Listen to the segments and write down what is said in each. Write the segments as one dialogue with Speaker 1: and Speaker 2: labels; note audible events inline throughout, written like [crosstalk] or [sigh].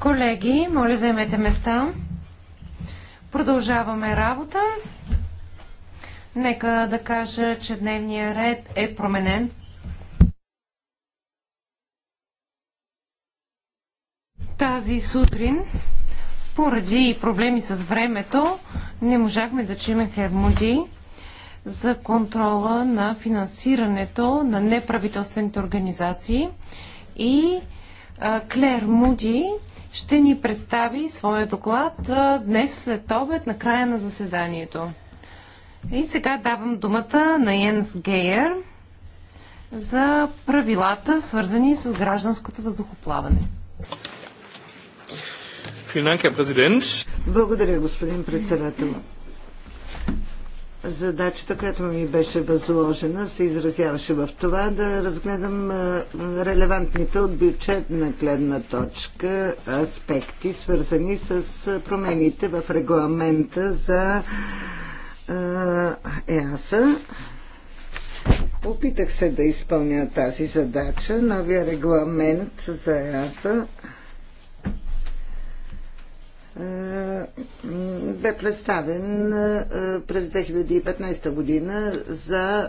Speaker 1: Колеги, моля заемете места. Продължаваме работа. Нека да кажа, че дневния ред е променен. Тази сутрин, поради проблеми с времето, не можахме да чуем Хермуди за контрола на финансирането на неправителствените организации и Клер Муди ще ни представи своя доклад днес след обед на края на заседанието. И сега давам думата на Йенс Гейер за правилата, свързани с гражданското въздухоплаване.
Speaker 2: Благодаря, господин председател задачата, която ми беше възложена, се изразяваше в това да разгледам релевантните от бюджетна гледна точка аспекти, свързани с промените в регламента за ЕАСА. Опитах се да изпълня тази задача. Новия регламент за ЕАСА е, бе представен е, през 2015 година за е,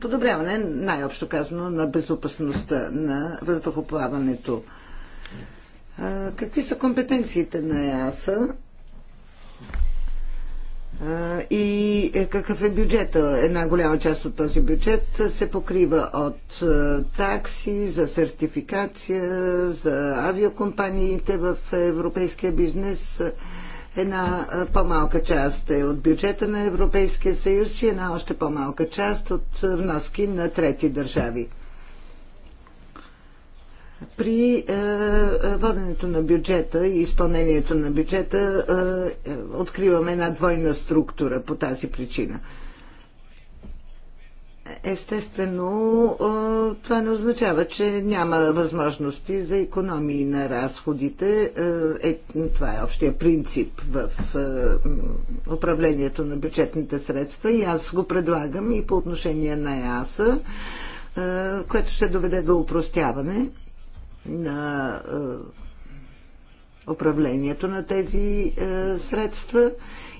Speaker 2: подобряване, най-общо казано, на безопасността на въздухоплаването. Какви са компетенциите на ЕАСА и е, какъв е бюджета? Една голяма част от този бюджет се покрива от е, такси, за сертификация, за авиокомпаниите в европейския бизнес. Една е, по-малка част е от бюджета на Европейския съюз и една още по-малка част от вноски на трети държави при е, е, воденето на бюджета и изпълнението на бюджета е, откриваме една двойна структура по тази причина. Естествено, това не означава, че няма възможности за економии на разходите. Е, това е общия принцип в управлението на бюджетните средства и аз го предлагам и по отношение на ЕАСА, което ще доведе до упростяване на е, управлението на тези е, средства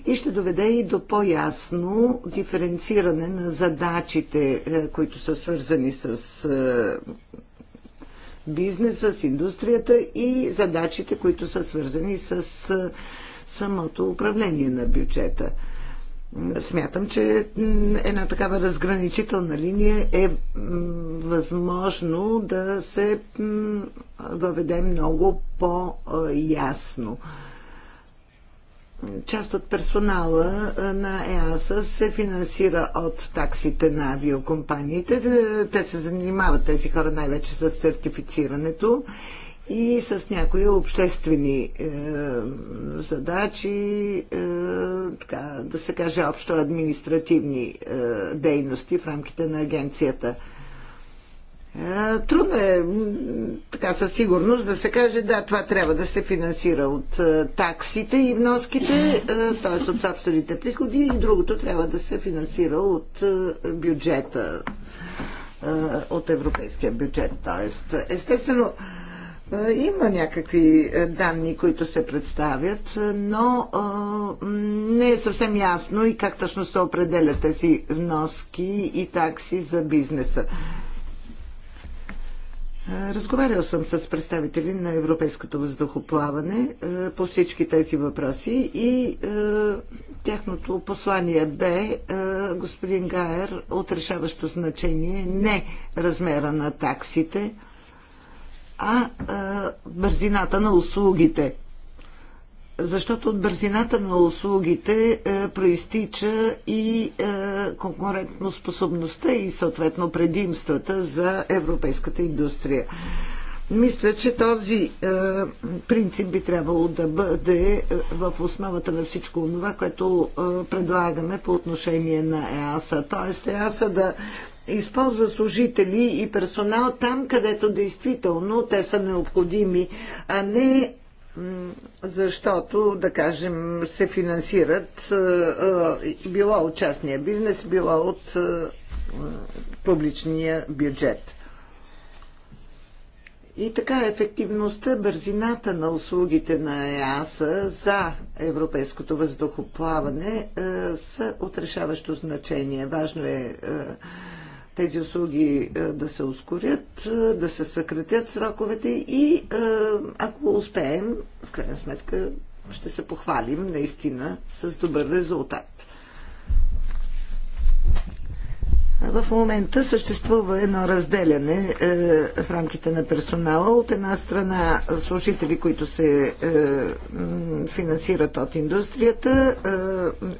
Speaker 2: и ще доведе и до по-ясно диференциране на задачите, е, които са свързани с бизнеса, с индустрията и задачите, които са свързани с самото управление на бюджета. Смятам, че една такава разграничителна линия е възможно да се въведе много по-ясно. Част от персонала на ЕАСА се финансира от таксите на авиокомпаниите. Те се занимават тези хора най-вече с сертифицирането и с някои обществени е, задачи, е, така, да се каже общо административни е, дейности в рамките на агенцията. Е, трудно е така със сигурност да се каже, да, това трябва да се финансира от е, таксите и вноските, е, т.е. от собствените приходи и другото трябва да се финансира от бюджета, от европейския бюджет. Т.е. естествено, е, има някакви е, данни, които се представят, е, но не е съвсем ясно и как точно се определят тези вноски и такси за бизнеса. Разговарял съм с представители на Европейското въздухоплаване по всички тези въпроси и тяхното послание бе, господин Гайер, от решаващо значение не размера на таксите, а бързината на услугите. Защото от бързината на услугите а, е, проистича и е, конкурентно способността и съответно предимствата за европейската индустрия. Мисля, че този е, принцип би трябвало да бъде е, в основата на всичко това, което е, предлагаме по отношение на ЕАСА. Тоест ЕАСА да използва служители и персонал там, където действително те са необходими, а не защото, да кажем, се финансират било от частния бизнес, било от публичния бюджет. И така ефективността, бързината на услугите на ЕАСА за европейското въздухоплаване е, са отрешаващо значение. Важно е, е тези услуги е, да се ускорят, е, да се съкратят сроковете и е, ако успеем, в крайна сметка ще се похвалим наистина с добър резултат. В момента съществува едно разделяне е, в рамките на персонала. От една страна служители, които се е, финансират от индустрията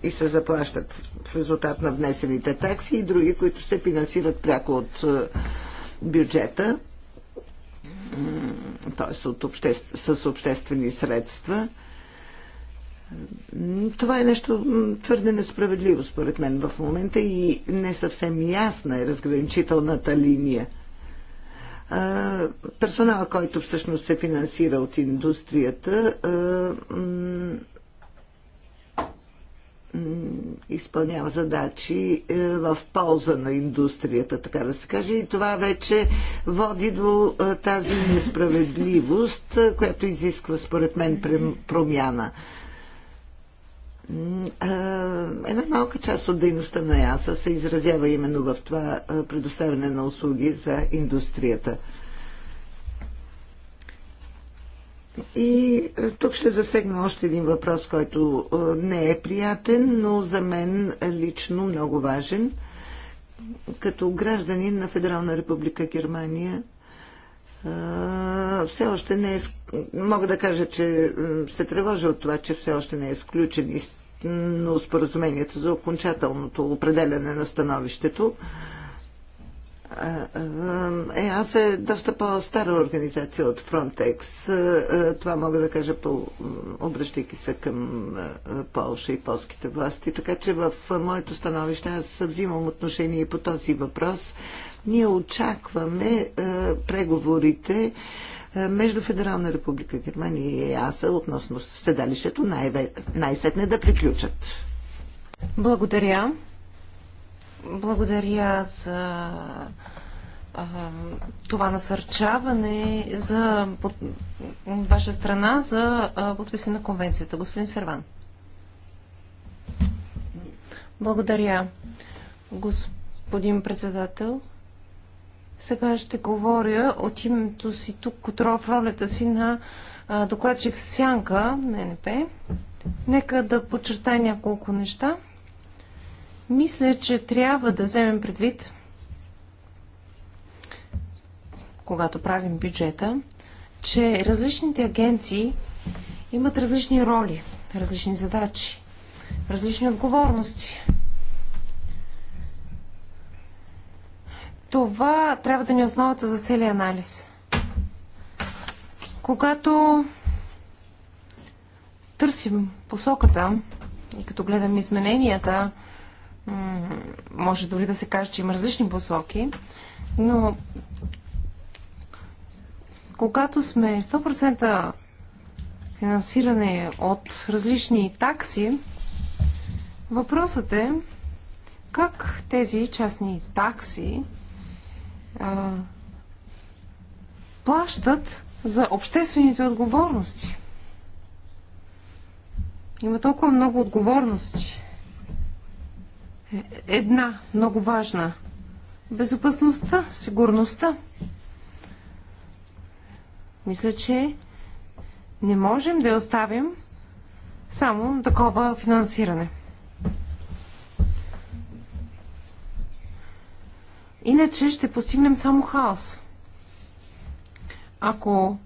Speaker 2: е, и се заплащат в резултат на внесените такси и други, които се финансират пряко от е, бюджета, т.е. Обществ... с обществени средства. Това е нещо твърде несправедливо, според мен, в момента и не съвсем ясна е разграничителната линия. Персонала, който всъщност се финансира от индустрията, изпълнява задачи е, в полза на индустрията, така да се каже. И това вече води до е, тази несправедливост, е, която изисква, според мен, промяна. Една малка част от дейността на ЯСА се изразява именно в това предоставяне на услуги за индустрията. И тук ще засегна още един въпрос, който не е приятен, но за мен лично много важен. Като гражданин на Федерална република Германия все още не е, мога да кажа, че се тревожа от това, че все още не е изключен но споразумението за окончателното определяне на становището. Е, аз е доста по-стара организация от Frontex. Това мога да кажа, по, обръщайки се към Полша и полските власти. Така че в моето становище аз взимам отношение и по този въпрос. Ние очакваме е, преговорите е, между Федерална република Германия и ЕАСА относно седалището най-сетне най да приключат.
Speaker 1: Благодаря. Благодаря за това насърчаване за под, ваша страна за подписа на конвенцията. Господин Серван. Благодаря, господин председател. Сега ще говоря от името си тук, от ролята си на докладчик Сянка на НП. Нека да подчертая няколко неща. Мисля, че трябва да вземем предвид, когато правим бюджета, че различните агенции имат различни роли, различни задачи, различни отговорности. Това трябва да ни е основата за целият анализ. Когато търсим посоката и като гледам измененията, може дори да се каже, че има различни посоки, но когато сме 100% финансиране от различни такси, въпросът е как тези частни такси а, плащат за обществените отговорности. Има толкова много отговорности. Е, една много важна. Безопасността, сигурността. Мисля, че не можем да я оставим само такова финансиране. Иначе ще постигнем само хаос. Ако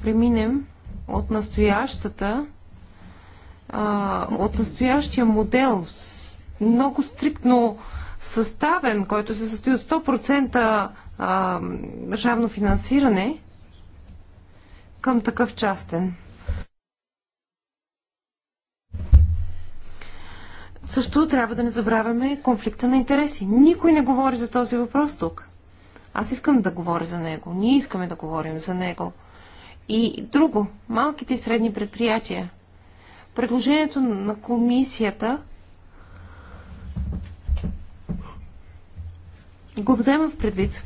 Speaker 1: преминем от настоящата, от настоящия модел, много стриктно съставен, който се състои от 100% държавно финансиране, към такъв частен. Също трябва да не забравяме конфликта на интереси. Никой не говори за този въпрос тук. Аз искам да говоря за него. Ние искаме да говорим за него. И друго, малките и средни предприятия. Предложението на комисията го взема в предвид.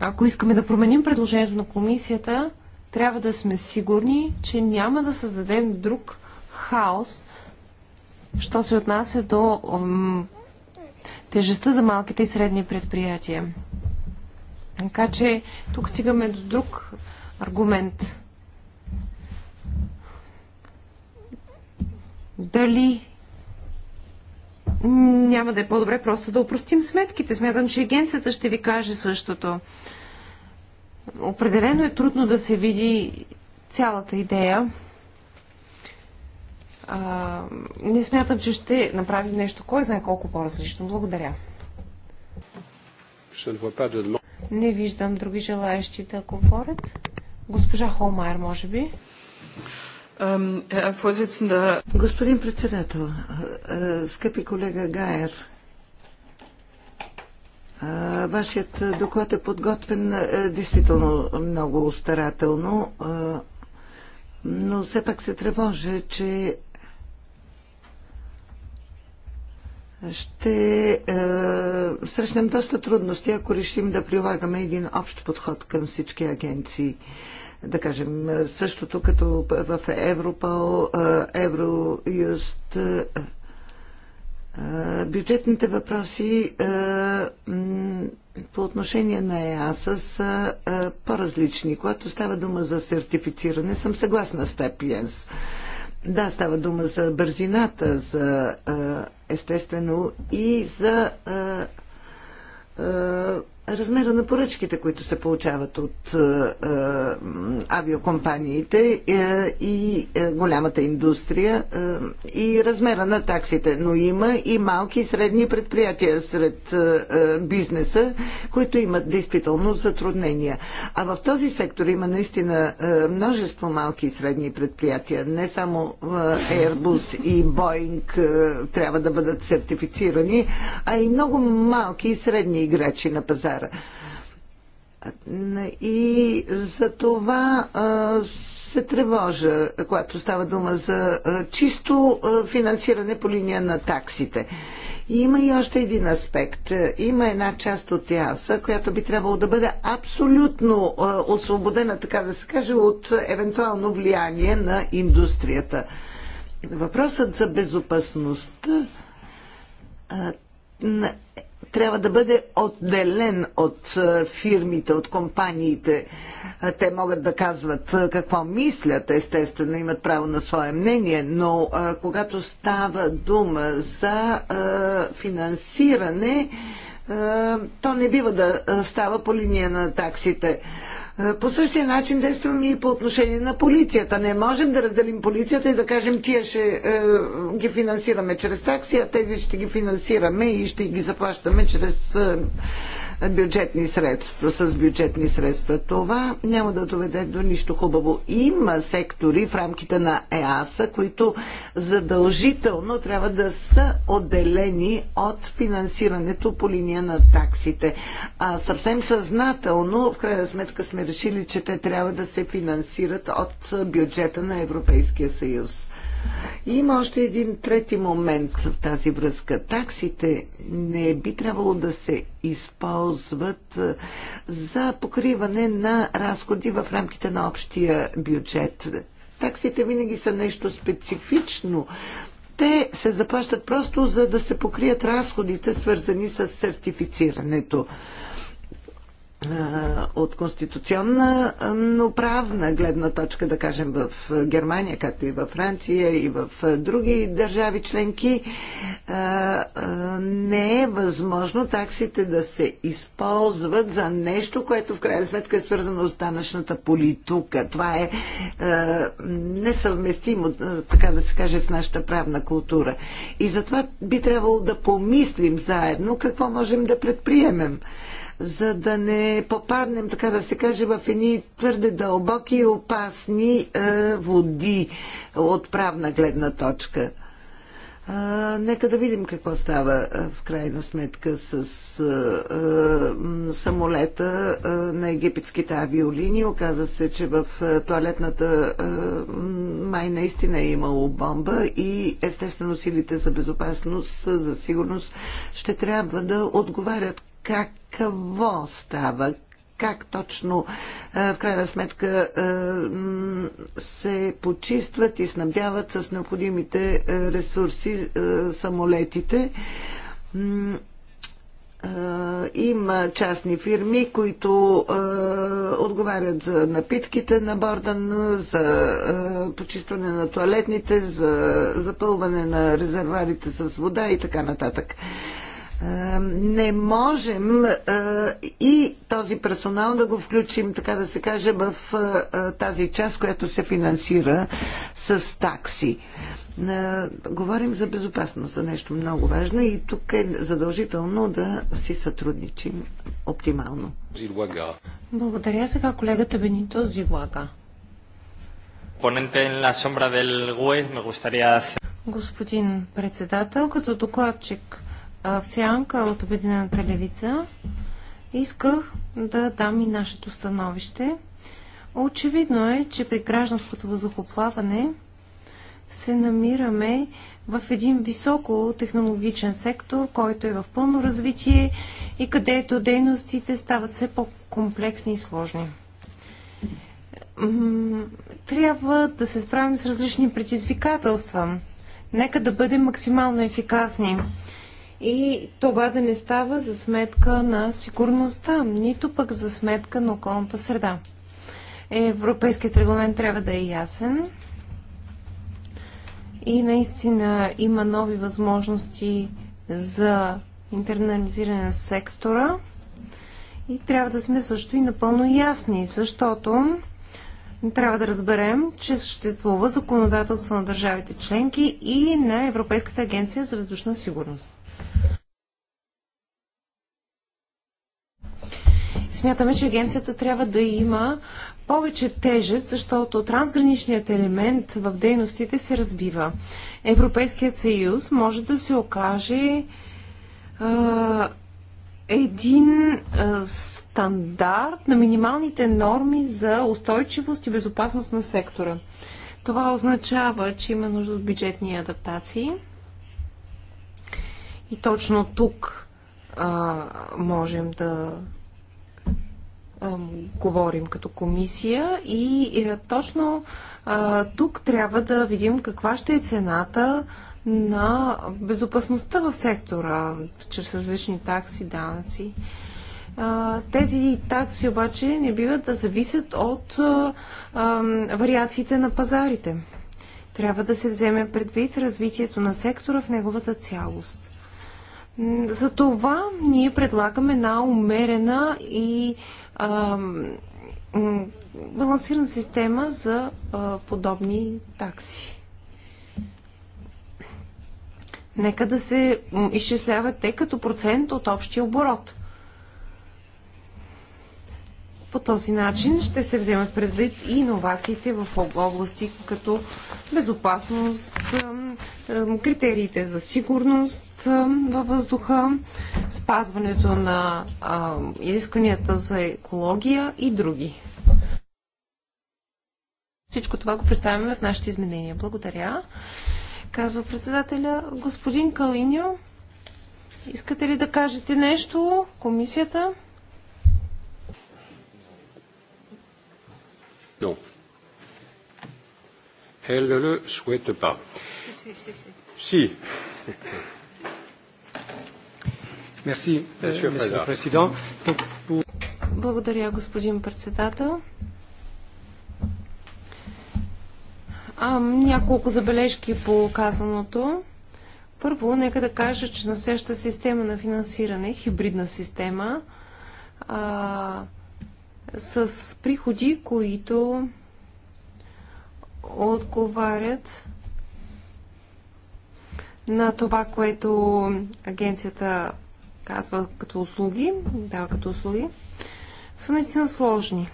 Speaker 1: Ако искаме да променим предложението на комисията, трябва да сме сигурни, че няма да създадем друг хаос – що се отнася до тежестта за малките и средни предприятия. Така че тук стигаме до друг аргумент. Дали няма да е по-добре просто да упростим сметките. Смятам, че агенцията ще ви каже същото. Определено е трудно да се види цялата идея а, не смятам, че ще направим нещо, кой знае колко по-различно. Благодаря. Не виждам други желаящи да говорят. Госпожа Холмайер, може би.
Speaker 2: Е, Господин председател, е, е, скъпи колега Гайер, вашият доклад е подготвен действително много старателно, но все пак се тревожа, че ще е, срещнем доста трудности, ако решим да прилагаме един общ подход към всички агенции. Да кажем, е, същото като в Европол, е, Евроюст, е, бюджетните въпроси по отношение на ЕАСА са по-различни. Когато става дума за сертифициране, съм съгласна с теб, Йенс. Да, става дума за бързината, за естествено и за размера на поръчките, които се получават от е, е, авиокомпаниите е, и голямата индустрия и размера на таксите. Но има и малки и средни предприятия сред бизнеса, които имат действително затруднения. А в този сектор има наистина множество малки и средни предприятия. Не само Airbus и Boeing трябва да бъдат сертифицирани, а и много малки и средни играчи на пазара пазара. И за това се тревожа, когато става дума за чисто финансиране по линия на таксите. И има и още един аспект. Има една част от ЕАСА, която би трябвало да бъде абсолютно освободена, така да се каже, от евентуално влияние на индустрията. Въпросът за безопасността трябва да бъде отделен от е, фирмите, от компаниите. Е, те могат да казват е, какво мислят, естествено, имат право на свое мнение, но когато става дума за финансиране, то не бива да става по линия на таксите. Е, по същия начин действаме и по отношение на полицията. Не можем да разделим полицията и да кажем, тия ще е, ги финансираме чрез такси, а тези ще ги финансираме и ще ги заплащаме чрез е, бюджетни средства, с бюджетни средства. Това няма да доведе до нищо хубаво. Има сектори в рамките на ЕАСА, които задължително трябва да са отделени от финансирането по линия на таксите. А съвсем съзнателно, в крайна сметка, сме решили, че те трябва да се финансират от бюджета на Европейския съюз. И има още един трети момент в тази връзка. Таксите не би трябвало да се използват е, за покриване на разходи в рамките на общия бюджет. Таксите винаги са нещо специфично. Те се заплащат просто за да се покрият разходите, свързани с сертифицирането от конституционна, но правна гледна точка, да кажем, в Германия, както и във Франция и в други държави членки, не е възможно таксите да се използват за нещо, което в крайна сметка е свързано с данъчната политика. Това е несъвместимо, така да се каже, с нашата правна култура. И затова би трябвало да помислим заедно какво можем да предприемем за да не попаднем, така да се каже, в едни твърде дълбоки и опасни е, води от правна гледна точка. Е, нека да видим какво става е, в крайна сметка с е, е, самолета е, на египетските авиолинии. Оказа се, че в е, туалетната е, май наистина е имало бомба и естествено силите за безопасност, за сигурност ще трябва да отговарят как какво става, как точно е, в крайна сметка е, се почистват и снабдяват с необходимите е, ресурси самолетите. Има частни фирми, които отговарят за напитките на борда, за почистване на туалетните, за запълване на резервуарите с вода и така нататък. Е, не можем е, и този персонал да го включим, така да се каже, в е, тази част, която се финансира с такси. Говорим за безопасност, за нещо много важно и тук е задължително да си сътрудничим оптимално.
Speaker 1: Благодаря сега колегата Бенито Зивлага.
Speaker 2: E,
Speaker 1: Господин председател, като докладчик в сянка от Обединената левица, исках да дам и нашето становище. Очевидно е, че при гражданското въздухоплаване се намираме в един високо технологичен сектор, който е в пълно развитие и където дейностите стават все по-комплексни и сложни. Трябва да се справим с различни предизвикателства. Нека да бъдем максимално ефикасни и това да не става за сметка на сигурността, нито пък за сметка на околната среда. Европейският регламент трябва да е ясен и наистина има нови възможности за интернализиране на сектора и трябва да сме също и напълно ясни, защото трябва да разберем, че съществува законодателство на държавите членки и на Европейската агенция за въздушна сигурност. Смятаме, че агенцията трябва да има повече тежест, защото трансграничният елемент в дейностите се разбива. Европейският съюз може да се окаже а, един а, стандарт на минималните норми за устойчивост и безопасност на сектора. Това означава, че има нужда от бюджетни адаптации. И точно тук а, можем да говорим като комисия и е, точно тук трябва да видим каква ще е цената на безопасността в сектора, чрез различни такси, данъци. Тези такси обаче не биват да зависят от вариациите на пазарите. Трябва да се вземе предвид развитието на сектора в неговата цялост. За това ние предлагаме една умерена и а, балансирана система за а, подобни такси. Нека да се изчисляват те като процент от общия оборот. По този начин ще се вземат предвид и иновациите в области като безопасност, критериите за сигурност във въздуха, спазването на изискванията за екология и други. Всичко това го представяме в нашите изменения. Благодаря. Казва председателя. Господин Калиньо, искате ли да кажете нещо? Комисията?
Speaker 2: Non. Elle ne le souhaite pas. Si.
Speaker 1: Merci, euh, Monsieur le Président. Благодаря, господин председател. А, няколко забележки по казаното. Първо, нека да кажа, че настоящата система на финансиране, хибридна система, а, с приходи, които отговарят на това, което агенцията казва като услуги, дава като услуги, са наистина сложни.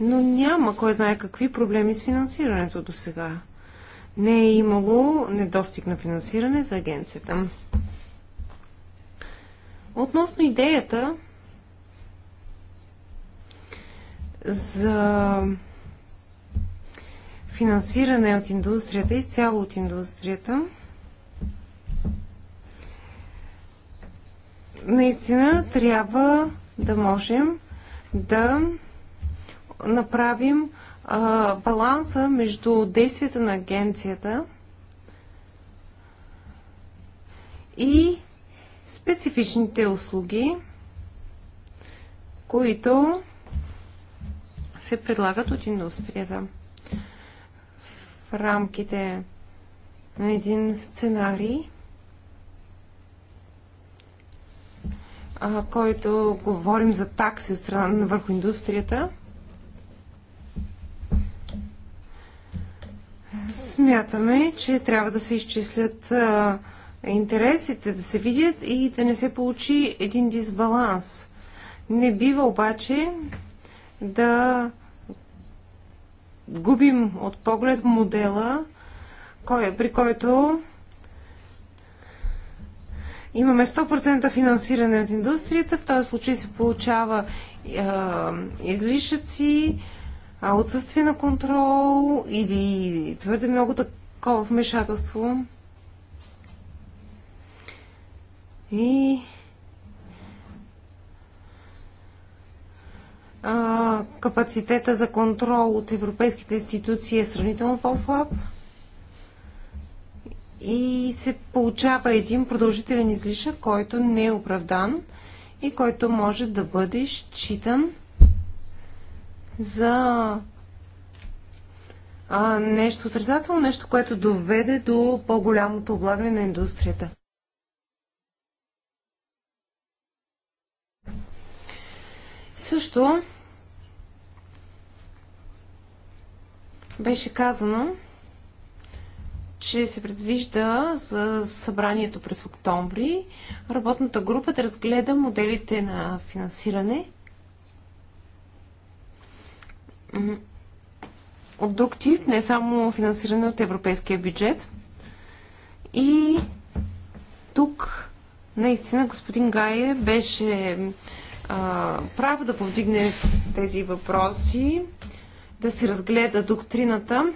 Speaker 1: Но няма кой знае какви проблеми с финансирането до сега. Не е имало недостиг на финансиране за агенцията. Относно идеята за финансиране от индустрията, изцяло от индустрията. Наистина трябва да можем да направим а, баланса между действията на агенцията и специфичните услуги, които се предлагат от индустрията. В рамките на един сценарий, който говорим за такси от страна върху индустрията, смятаме, че трябва да се изчислят а, интересите, да се видят и да не се получи един дисбаланс. Не бива обаче да губим от поглед модела, при който имаме 100% финансиране от индустрията, в този случай се получава е, излишъци, отсъствие на контрол или твърде много такова вмешателство. И а, капацитета за контрол от европейските институции е сравнително по-слаб и се получава един продължителен излишък, който не е оправдан и който може да бъде считан за а, нещо отрицателно, нещо, което доведе до по-голямото облагане на индустрията. Също Беше казано, че се предвижда за събранието през октомври работната група да разгледа моделите на финансиране от друг тип, не само финансиране от европейския бюджет. И тук наистина господин Гае беше а, прав да повдигне тези въпроси да се разгледа доктрината,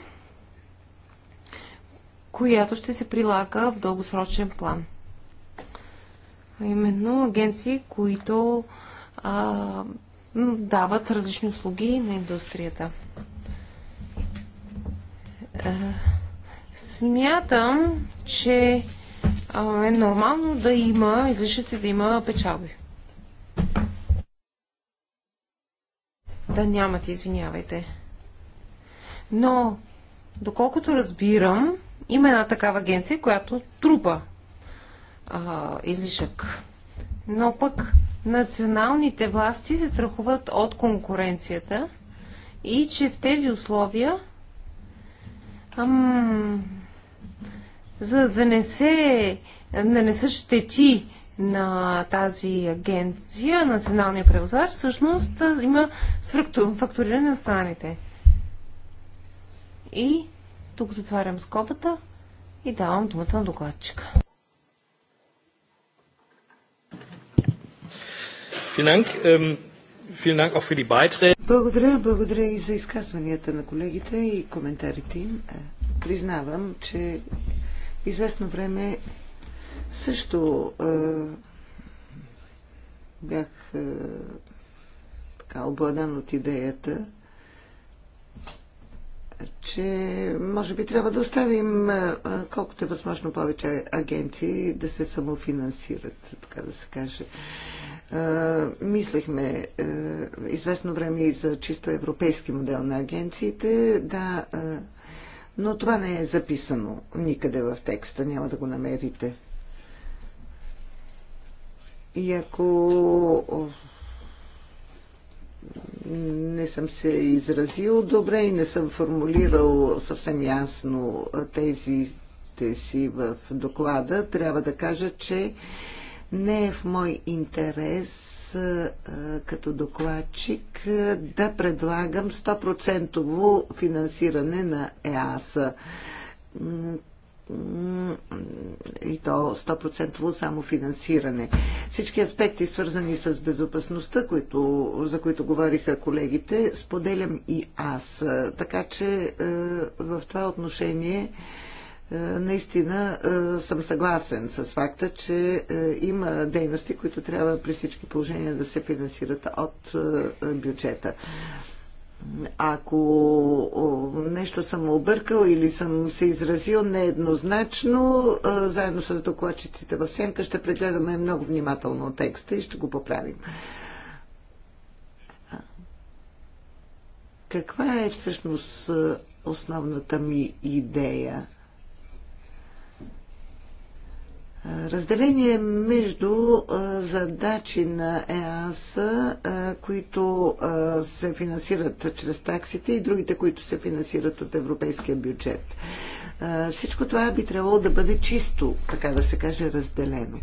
Speaker 1: която ще се прилага в дългосрочен план. А именно агенции, които а, дават различни услуги на индустрията. А, е, смятам, че а, е нормално да има излишъци, да има печалби. Да нямате, извинявайте. Но, доколкото разбирам, има една такава агенция, която трупа а, излишък. Но пък националните власти се страхуват от конкуренцията и че в тези условия, ам, за да не се да не са щети на тази агенция, националния превозвач, всъщност има свръхто фактуриране на останалите. И тук затварям скобата и давам думата на докладчика.
Speaker 2: Ähm, благодаря, благодаря и за изказванията на колегите и коментарите им. Е, признавам, че известно време също е, бях е, така обладан от идеята че може би трябва да оставим колкото е възможно повече агенции да се самофинансират, така да се каже. Мислехме известно време и за чисто европейски модел на агенциите. Да, но това не е записано никъде в текста, няма да го намерите. И ако не съм се изразил добре и не съм формулирал съвсем ясно тези си в доклада. Трябва да кажа, че не е в мой интерес като докладчик да предлагам 100% финансиране на ЕАСА и то 100% само финансиране. Всички аспекти, свързани с безопасността, които, за които говориха колегите, споделям и аз. Така че е, в това отношение е, наистина е, съм съгласен с факта, че има дейности, които трябва при всички положения да се финансират от бюджета ако нещо съм объркал или съм се изразил нееднозначно, заедно с докладчиците в сенка ще прегледаме много внимателно текста и ще го поправим. Каква е всъщност основната ми идея? Разделение между задачи на ЕАС, които се финансират чрез таксите и другите, които се финансират от европейския бюджет. Всичко това би трябвало да бъде чисто, така да се каже, разделено.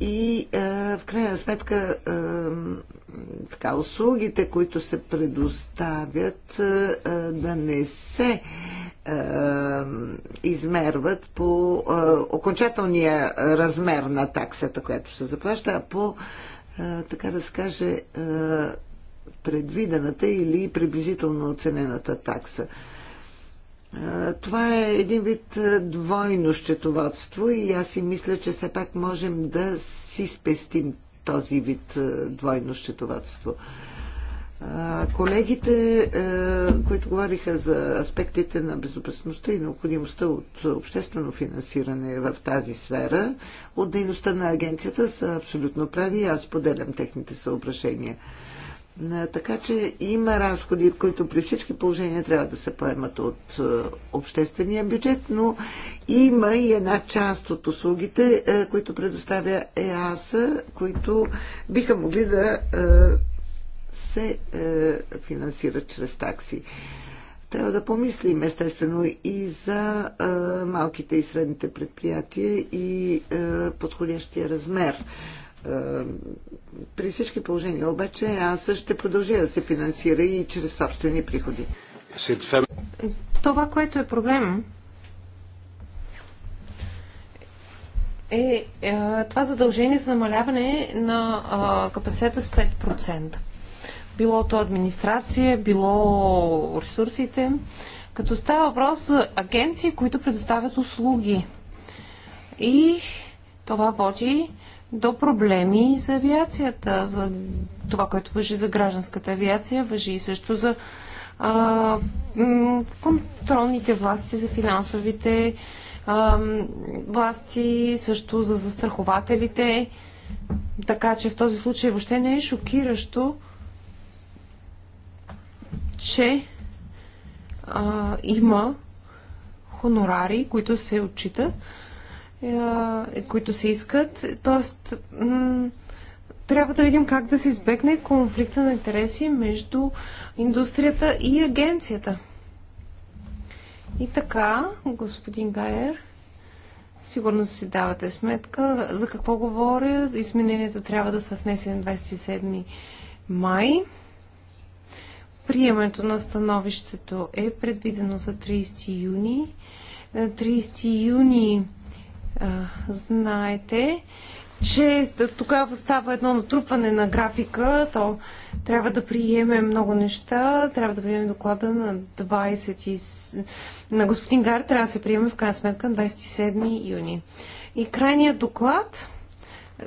Speaker 2: И в крайна сметка така, услугите, които се предоставят, да не се е, измерват по е, окончателния размер на таксата, която се заплаща, а по, е, така да се каже, предвидената или приблизително оценената такса. Това е един вид двойно счетоводство и аз си мисля, че все пак можем да си спестим този вид двойно счетоводство. Колегите, които говориха за аспектите на безопасността и необходимостта от обществено финансиране в тази сфера, от дейността на агенцията са абсолютно прави и аз поделям техните съображения. Така че има разходи, които при всички положения трябва да се поемат от обществения бюджет, но има и една част от услугите, които предоставя ЕАСА, които биха могли да се е, финансират чрез такси. Трябва да помислим естествено и за е, малките и средните предприятия и е, подходящия размер. Е, при всички положения обаче аз ще продължа да се финансира и чрез собствени приходи. Това, което е проблем,
Speaker 1: е, е това задължение за намаляване на е, капацитета с 5% било то администрация, било ресурсите, като става въпрос за агенции, които предоставят услуги. И това води до проблеми за авиацията, за това, което въжи за гражданската авиация, въжи и също за а, контролните власти, за финансовите а, власти, също за застрахователите. Така че в този случай въобще не е шокиращо, че а, има хонорари, които се отчитат, а, е, е, които се искат. Тоест, трябва да видим как да се избегне конфликта на интереси между индустрията и агенцията. И така, господин Гайер, сигурно си давате сметка за какво говоря. Измененията трябва да са внесени 27 май. Приемането на становището е предвидено за 30 юни. 30 е, юни а, е, знаете, че тогава става едно натрупване на графика, то трябва да приемем много неща, трябва да приемем доклада на 20 и... на господин Гар, трябва да се приеме в крайна сметка на 27 юни. И крайният доклад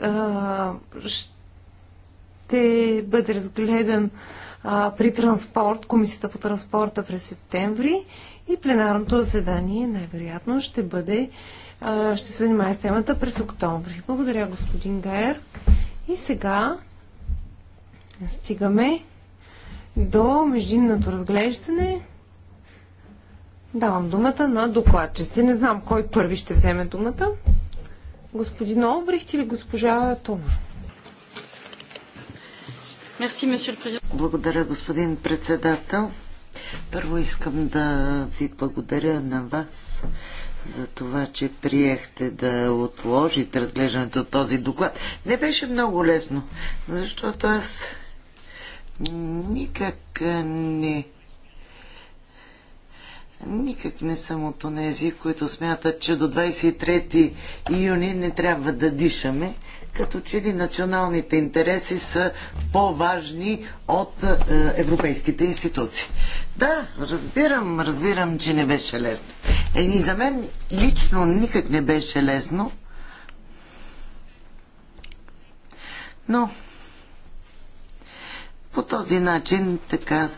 Speaker 1: а, е, ще бъде разгледан а, при транспорт, комисията по транспорта през септември и пленарното заседание най-вероятно ще бъде, а, ще се занимае с темата през октомври. Благодаря, господин Гайер. И сега стигаме до междинното разглеждане. Давам думата на докладчиците. Не знам кой първи ще вземе думата. Господин Обрихт или
Speaker 2: госпожа Томаш? Благодаря, господин председател. Първо искам да ви благодаря на вас за това, че приехте да отложите разглеждането от този доклад. Не беше много лесно, защото аз никак не Никак не съм от онези, които смятат, че до 23 юни не трябва да дишаме като че ли националните интереси са по-важни от е, европейските институции. Да, разбирам, разбирам, че не беше лесно. Е, и за мен лично никак не беше лесно. Но по този начин така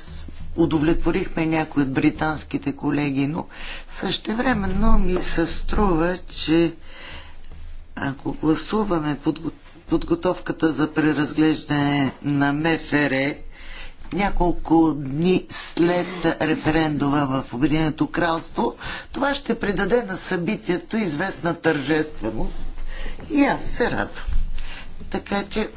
Speaker 2: удовлетворихме някои от британските колеги, но също времено ми се струва, че ако гласуваме подго... подготовката за преразглеждане на МФР няколко дни след референдума в Обединеното кралство, това ще придаде на събитието известна тържественост и аз се радвам. Така че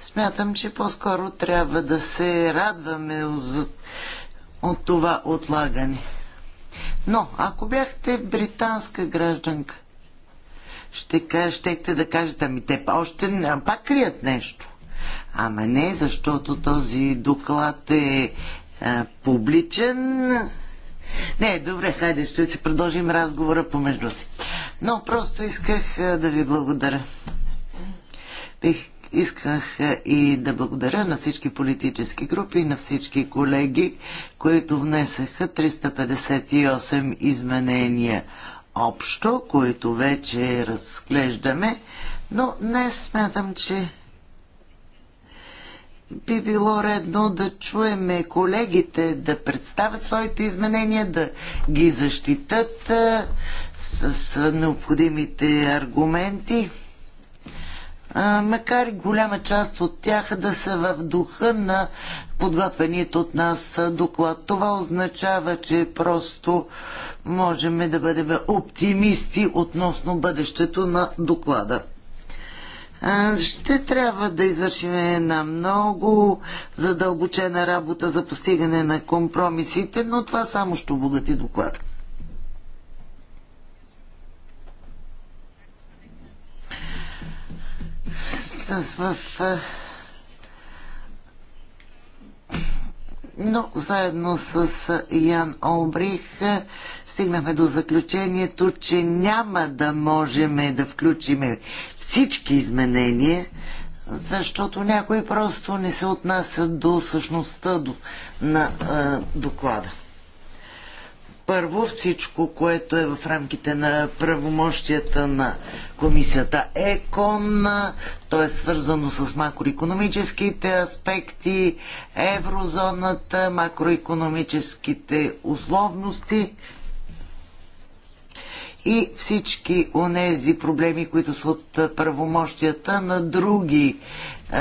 Speaker 2: смятам, че по-скоро трябва да се радваме от това отлагане. Но, ако бяхте британска гражданка, ще каж, щехте да кажете, ами те още пак крият нещо. Ама не, защото този доклад е а, публичен. Не, добре, хайде, ще си продължим разговора помежду си. Но просто исках а, да ви благодаря. Бих исках и да благодаря на всички политически групи и на всички колеги, които внесаха 358 изменения общо, които вече разглеждаме, но днес смятам, че би било редно да чуеме колегите да представят своите изменения, да ги защитат с, с необходимите аргументи макар и голяма част от тях да са в духа на подготвеният от нас доклад. Това означава, че просто можем да бъдем оптимисти относно бъдещето на доклада. Ще трябва да извършим една много задълбочена работа за постигане на компромисите, но това само ще обогати доклада. присъства в но заедно с Ян Олбрих стигнахме до заключението, че няма да можем да включим всички изменения, защото някои просто не се отнасят до същността на доклада първо всичко, което е в рамките на правомощията на комисията ЕКОН, то е свързано с макроекономическите аспекти, еврозоната, макроекономическите условности и всички онези проблеми, които са от правомощията на други е,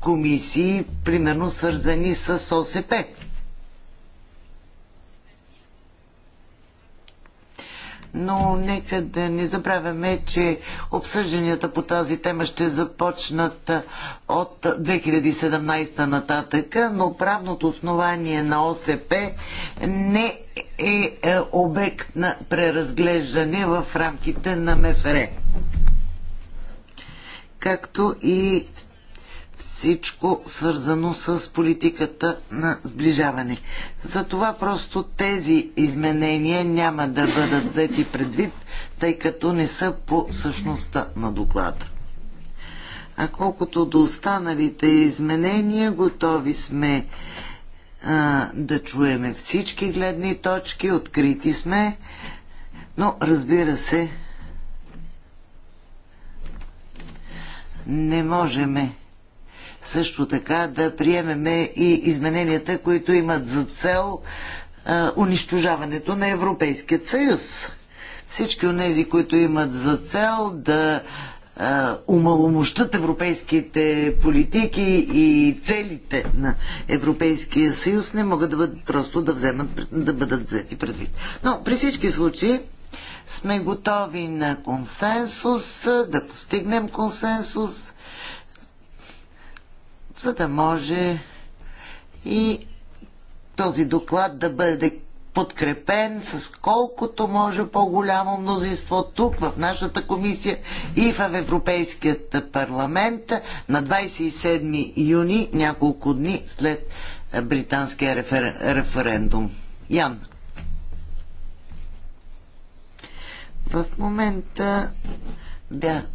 Speaker 2: комисии, примерно свързани с ОСП. но нека да не забравяме, че обсъжданията по тази тема ще започнат от 2017 нататък, но правното основание на ОСП не е, е обект на преразглеждане в рамките на МФР. Както и всичко свързано с политиката на сближаване. Затова просто тези изменения няма да бъдат взети предвид, тъй като не са по същността на доклада. А колкото до останалите изменения, готови сме а, да чуеме всички гледни точки, открити сме, но разбира се, не можеме също така да приемеме и измененията, които имат за цел а, унищожаването на Европейският съюз. Всички от тези, които имат за цел да умаломощат европейските политики и целите на Европейския съюз не могат да бъдат просто да, вземат, да бъдат взети предвид. Но при всички случаи сме готови на консенсус, да постигнем консенсус за да може и този доклад да бъде подкрепен с колкото може по-голямо мнозинство тук в нашата комисия и в Европейският парламент на 27 юни, няколко дни след е, британския рефер... референдум. Ян. В момента бях да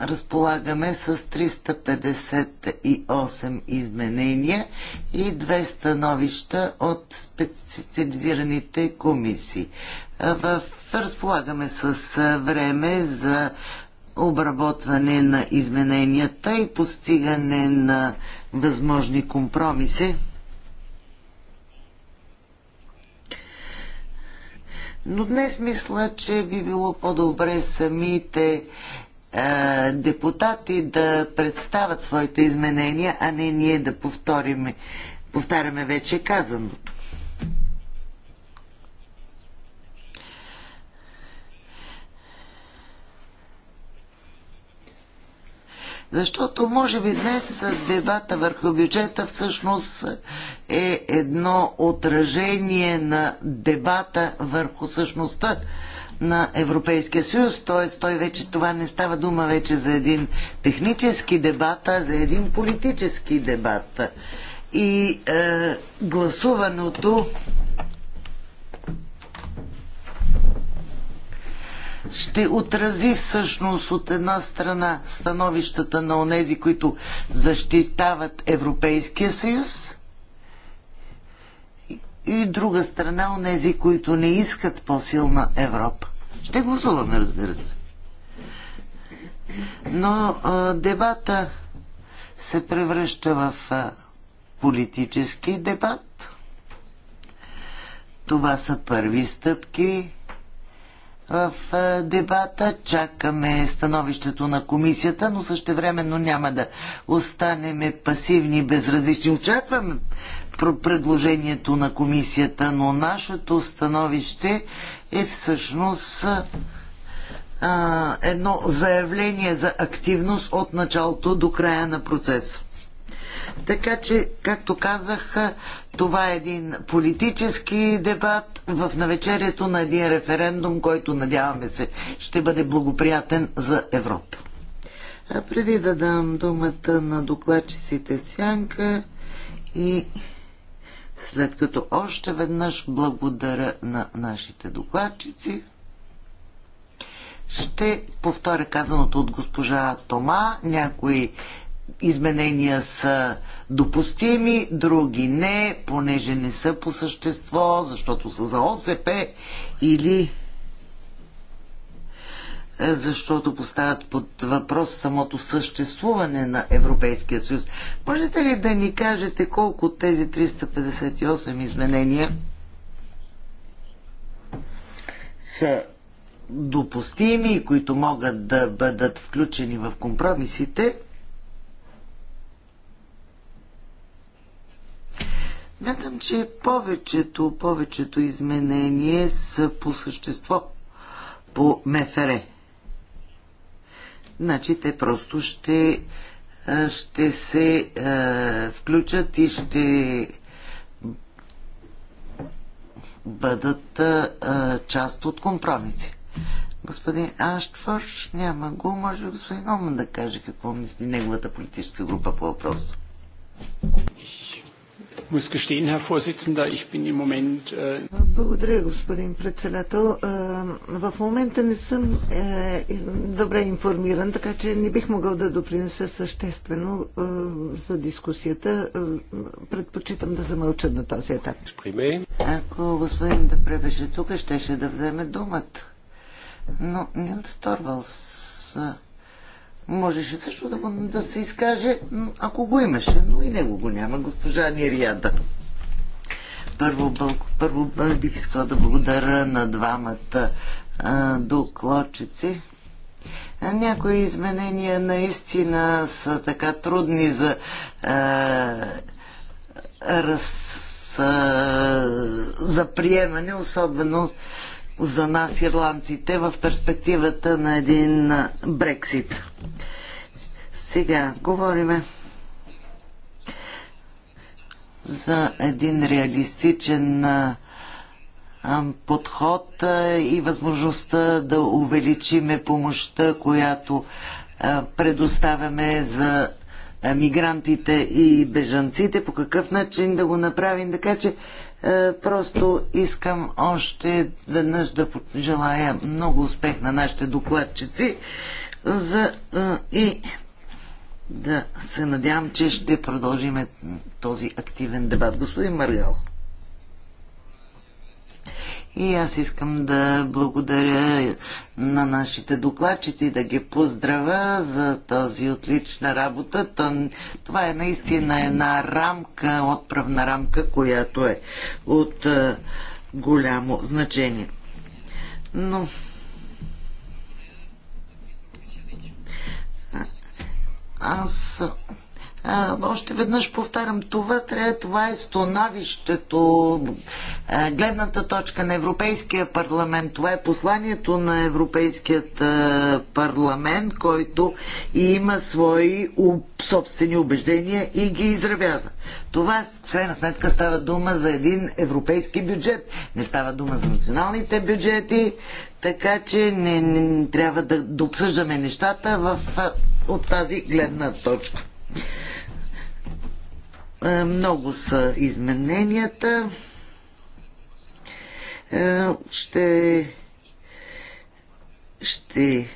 Speaker 2: разполагаме с 358 изменения и две становища от специализираните комисии. В, разполагаме с време за обработване на измененията и постигане на възможни компромиси. Но днес мисля, че би било по-добре самите депутати да представят своите изменения, а не ние да повториме, повтаряме вече казаното. Защото може би днес дебата върху бюджета всъщност е едно отражение на дебата върху същността на Европейския съюз. Т.е. той вече това не става дума вече за един технически дебат, а за един политически дебат. И е, гласуването ще отрази всъщност от една страна становищата на онези, които защитават Европейския съюз и друга страна нези, които не искат по-силна Европа. Ще гласуваме, разбира се. Но а, дебата се превръща в а, политически дебат. Това са първи стъпки в а, дебата. Чакаме становището на комисията, но същевременно няма да останеме пасивни и безразлични. Очакваме предложението на комисията, но нашето становище е всъщност а, едно заявление за активност от началото до края на процеса. Така че, както казах, това е един политически дебат в навечерието на един референдум, който надяваме се ще бъде благоприятен за Европа. А преди да дам думата на докладчиците Сянка и след като още веднъж благодаря на нашите докладчици. Ще повторя казаното от госпожа Тома. Някои изменения са допустими, други не, понеже не са по същество, защото са за ОСП или е, защото поставят под въпрос самото съществуване на Европейския съюз. Можете ли да ни кажете колко от тези 358 изменения са допустими и които могат да бъдат включени в компромисите? Мятам, че повечето, повечето изменения са по същество по МФР. Значи те просто ще, ще се а, включат и ще бъдат а, част от компромиси. Господин Аштфорш няма го. Може би господин Оман да каже какво мисли неговата политическа група по въпроса. Äh, Благодаря, господин председател. Е, в момента не съм е, добре информиран, така че не бих могъл да допринеса съществено е, за дискусията. Предпочитам да замълча на този етап. Ако господин да пребеше тук, щеше да вземе думата. Но Нилс Торвалс можеше също да, го, да се изкаже, ако го имаше, но и него го няма, госпожа Нирията. Първо, бълко, първо бих искала да благодаря на двамата а, докладчици. А някои изменения наистина са така трудни за а, раз, а, за приемане, особено за нас, ирландците, в перспективата на един Брексит. Сега говориме за един реалистичен подход и възможността да увеличиме помощта, която предоставяме за мигрантите и бежанците, по какъв начин да го направим. Така че е, просто искам още веднъж да желая много успех на нашите докладчици за, е, и да се надявам, че ще продължим този активен дебат. Господин Маргал. И аз искам да благодаря на нашите докладчици, да ги поздравя за тази отлична работа. Това е наистина една рамка, отправна рамка, която е от е, голямо значение. Но аз а, още веднъж повтарям, това, трябва, това е становището, гледната точка на Европейския парламент. Това е посланието на Европейският парламент, който има свои собствени убеждения и ги изравява. Това, в крайна сметка, става дума за един европейски бюджет. Не става дума за националните бюджети, така че не, не, не трябва да, да обсъждаме нещата в, от тази гледна точка. Е, много са измененията. Е, ще ще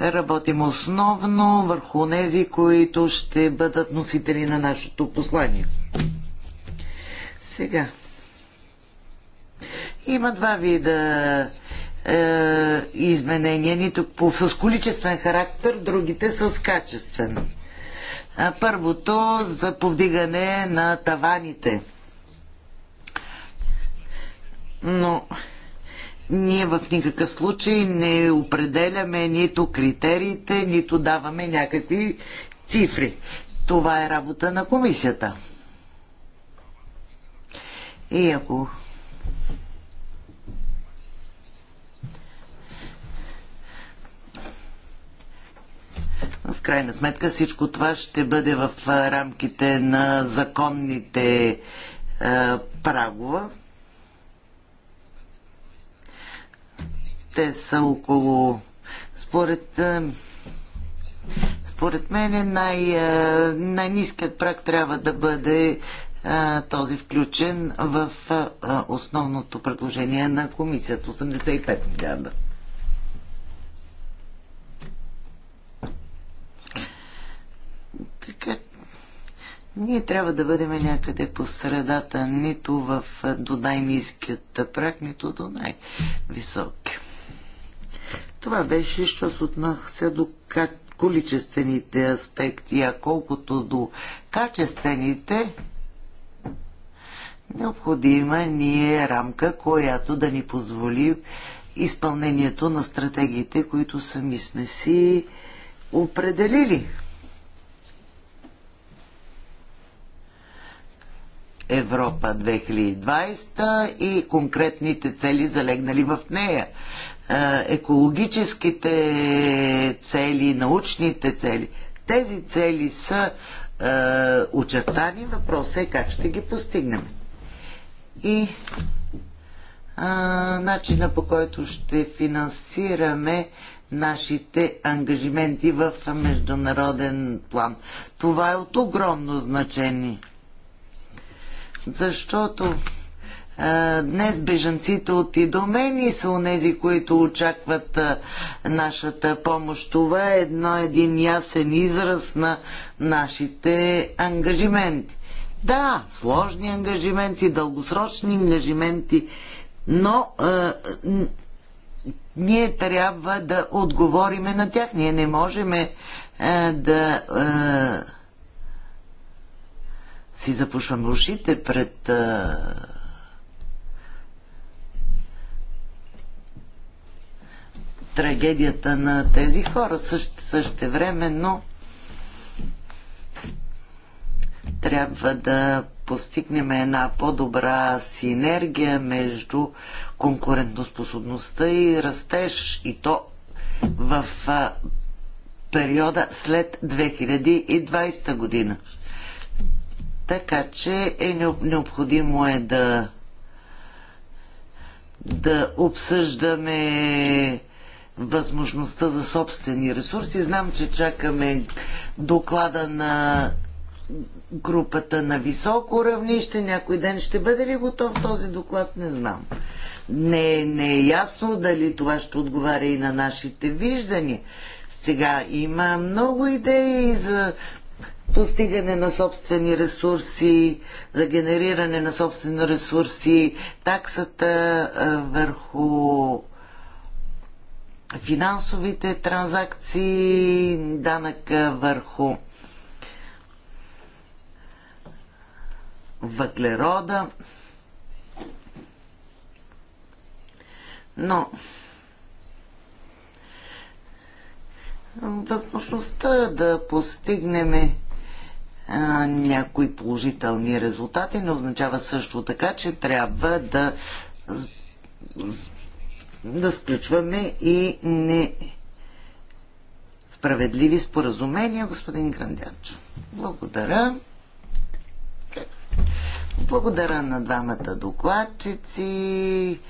Speaker 2: работим основно върху тези, които ще бъдат носители на нашето послание. Сега. Има два вида е, изменения, нито с количествен характер, другите с качествен. Първото за повдигане на таваните. Но ние в никакъв случай не определяме нито критериите, нито даваме някакви цифри. Това е работа на комисията. И ако В крайна сметка всичко това ще бъде в рамките на законните е, Те са около, според според мен е най, най-низкият прак трябва да бъде а, този включен в а, основното предложение на комисията 85 милиарда. Така, ние трябва да бъдем някъде по средата, нито в до най-низкият прак, нито до най-високи. Това беше, що се отнася до как количествените аспекти, а колкото до качествените, необходима ни е рамка, която да ни позволи изпълнението на стратегиите, които сами сме си определили. Европа 2020 и конкретните цели залегнали в нея. Екологическите цели, научните цели. Тези цели са е, очертани. Въпросът е как ще ги постигнем. И начина по който ще финансираме нашите ангажименти в международен план. Това е от огромно значение защото днес бежанците от Идомени са онези, които очакват нашата помощ. Това е едно, един ясен израз на нашите ангажименти. Да, сложни ангажименти, дългосрочни ангажименти, но е, ние трябва да отговориме на тях. Ние не можем е, да. Е, си запушвам ушите пред а, трагедията на тези хора. Също, също време, но трябва да постигнем една по-добра синергия между конкурентоспособността и растеж и то в а, периода след 2020 година. Така че е необходимо е да да обсъждаме възможността за собствени ресурси. Знам, че чакаме доклада на групата на високо равнище. Някой ден ще бъде ли готов този доклад, не знам. Не, не е ясно дали това ще отговаря и на нашите виждания. Сега има много идеи за постигане на собствени ресурси, за генериране на собствени ресурси, таксата върху финансовите транзакции, данък върху въглерода. Но възможността да постигнеме а, някои положителни резултати, но означава също така, че трябва да да сключваме и не. Справедливи споразумения, господин Грандяч. Благодаря. Благодаря на двамата докладчици.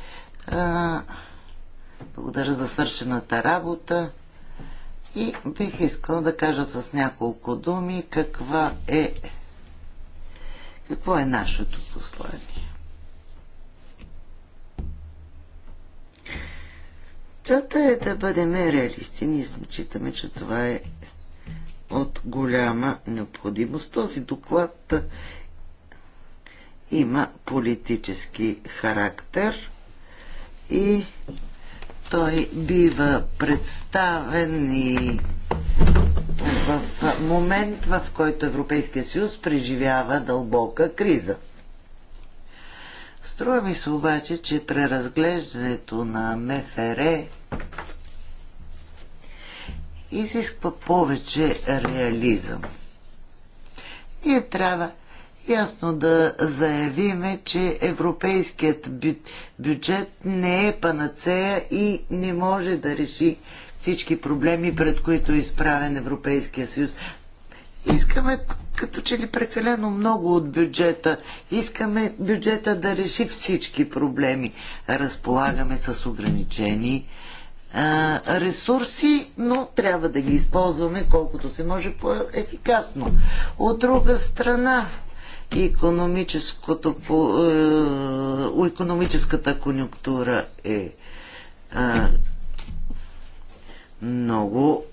Speaker 2: Благодаря за свършената работа. И бих искал да кажа с няколко думи каква е, какво е нашето послание. Целта е да бъдем реалисти. Ние читаме, че това е от голяма необходимост. Този доклад има политически характер и той бива представен и в момент, в който Европейския съюз преживява дълбока криза. Струва ми се обаче, че преразглеждането на МФР изисква повече реализъм. Ние трябва ясно да заявиме, че европейският бюджет не е панацея и не може да реши всички проблеми, пред които е изправен Европейския съюз. Искаме като че ли прекалено много от бюджета. Искаме бюджета да реши всички проблеми. Разполагаме с ограничени а, ресурси, но трябва да ги използваме колкото се може по-ефикасно. От друга страна, економическото, економическата конюнктура е много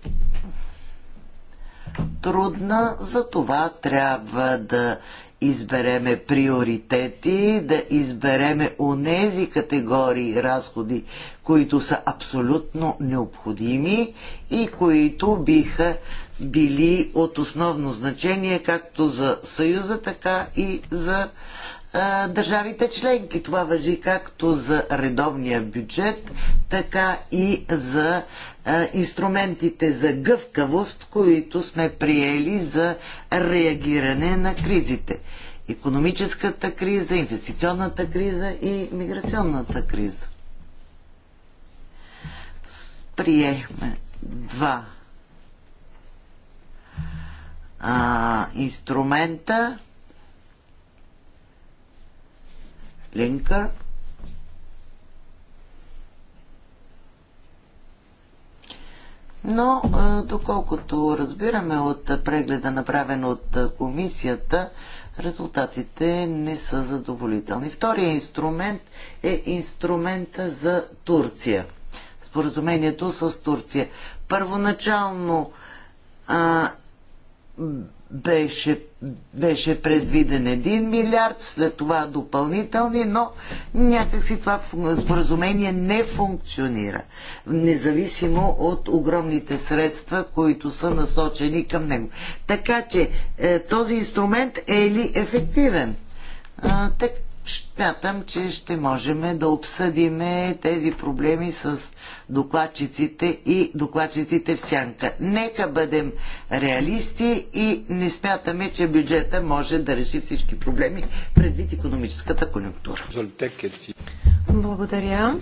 Speaker 2: трудна, за това трябва да избереме приоритети, да избереме онези категории разходи, които са абсолютно необходими и които биха били от основно значение както за Съюза, така и за а, държавите членки. Това въжи както за редовния бюджет, така и за инструментите за гъвкавост, които сме приели за реагиране на кризите. Економическата криза, инвестиционната криза и миграционната криза. Приехме два а, инструмента. Линкър но доколкото разбираме от прегледа направен от комисията, резултатите не са задоволителни. Втория инструмент е инструмента за Турция. Споразумението с Турция. Първоначално а, беше, беше предвиден 1 милиард, след това допълнителни, но някакси това споразумение не функционира, независимо от огромните средства, които са насочени към него. Така че е, този инструмент е ли ефективен? А, так, Смятам, че ще можем да обсъдим тези проблеми с докладчиците и докладчиците в сянка. Нека бъдем реалисти и не смятаме, че бюджета може да реши всички проблеми предвид економическата конъюнктура.
Speaker 1: Благодаря.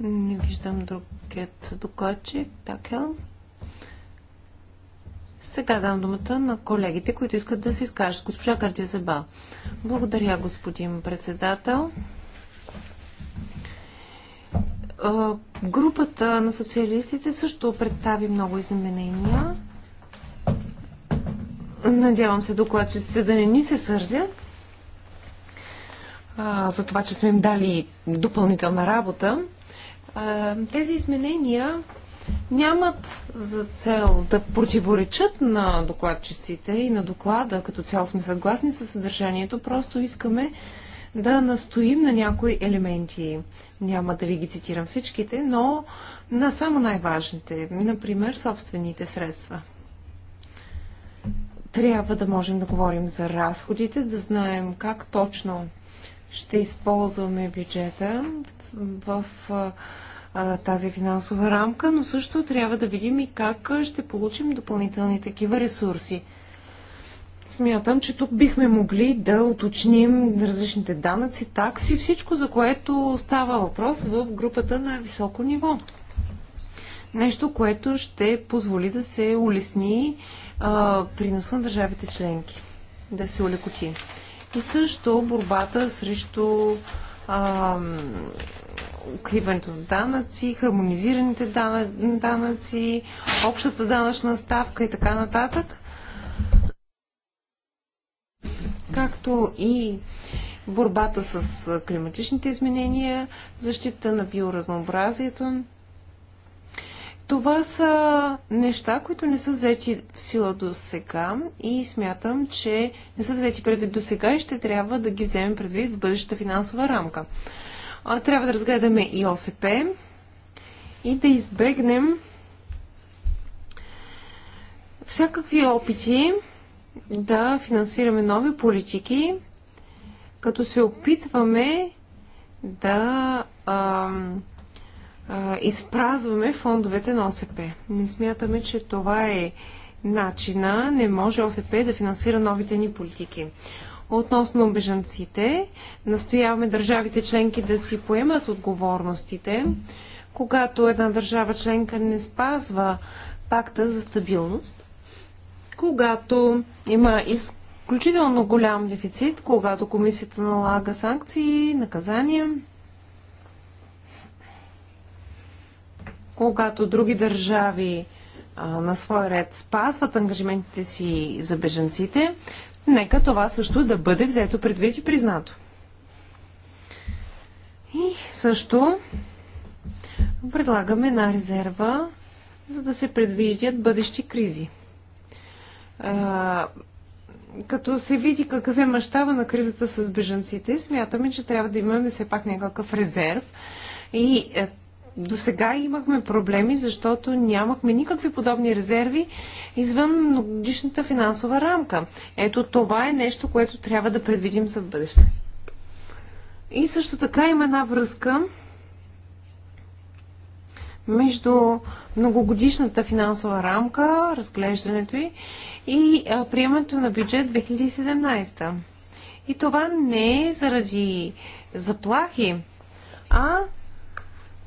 Speaker 1: Не виждам другият докладчик. така. Сега дам думата на колегите, които искат да се изкажат. Госпожа Кардиазабал. Благодаря, господин председател. Групата на социалистите също представи много изменения. Надявам се докладчиците да не ни се сърдят за това, че сме им дали допълнителна работа. Тези изменения нямат за цел да противоречат на докладчиците и на доклада. Като цяло сме съгласни с съдържанието, просто искаме да настоим на някои елементи. Няма да ви ги цитирам всичките, но на само най-важните, например собствените средства. Трябва да можем да говорим за разходите, да знаем как точно ще използваме бюджета в, в тази финансова рамка, но също трябва да видим и как ще получим допълнителни такива ресурси. Смятам, че тук бихме могли да уточним различните данъци, такси, всичко, за което става въпрос в групата на високо ниво. Нещо, което ще позволи да се улесни а, приноса на държавите членки, да се улекоти. И също борбата срещу а, укриването на данъци, хармонизираните данъци, общата данъчна ставка и така нататък. Както и борбата с климатичните изменения, защита на биоразнообразието. Това са неща, които не са взети в сила до сега и смятам, че не са взети предвид до сега и ще трябва да ги вземем предвид в бъдещата финансова рамка трябва да разгледаме и ОСП и да избегнем всякакви опити да финансираме нови политики, като се опитваме да а, а, изпразваме фондовете на ОСП. Не смятаме, че това е начина. Не може ОСП да финансира новите ни политики. Относно бежанците, настояваме държавите членки да си поемат отговорностите, когато една държава членка не спазва пакта за стабилност, когато има изключително голям дефицит, когато комисията налага санкции, наказания, когато други държави на свой ред спазват ангажиментите си за бежанците, Нека това също да бъде взето предвид и признато. И също предлагаме една резерва, за да се предвиждат бъдещи кризи. А, като се види какъв е мащаба на кризата с бежанците, смятаме, че трябва да имаме все пак някакъв резерв. И е, до сега имахме проблеми, защото нямахме никакви подобни резерви извън многогодишната финансова рамка. Ето това е нещо, което трябва да предвидим за бъдеще. И също така има една връзка между многогодишната финансова рамка, разглеждането й и приемането на бюджет 2017. И това не е заради заплахи, а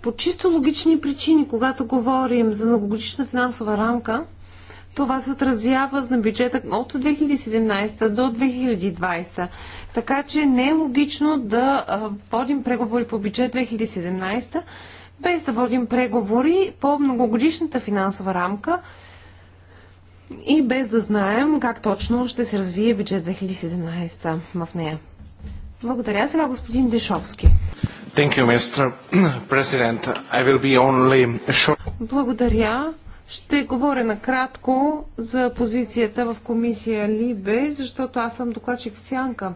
Speaker 1: по чисто логични причини, когато говорим за многогодишна финансова рамка, това се отразява на бюджета от 2017 до 2020. Така че не е логично да водим преговори по бюджет 2017, без да водим преговори по многогодишната финансова рамка и без да знаем как точно ще се развие бюджет 2017 в нея. Благодаря. Сега господин Дешовски. You, only... Благодаря. Ще говоря накратко за позицията в комисия Либе, защото аз съм докладчик в Сянка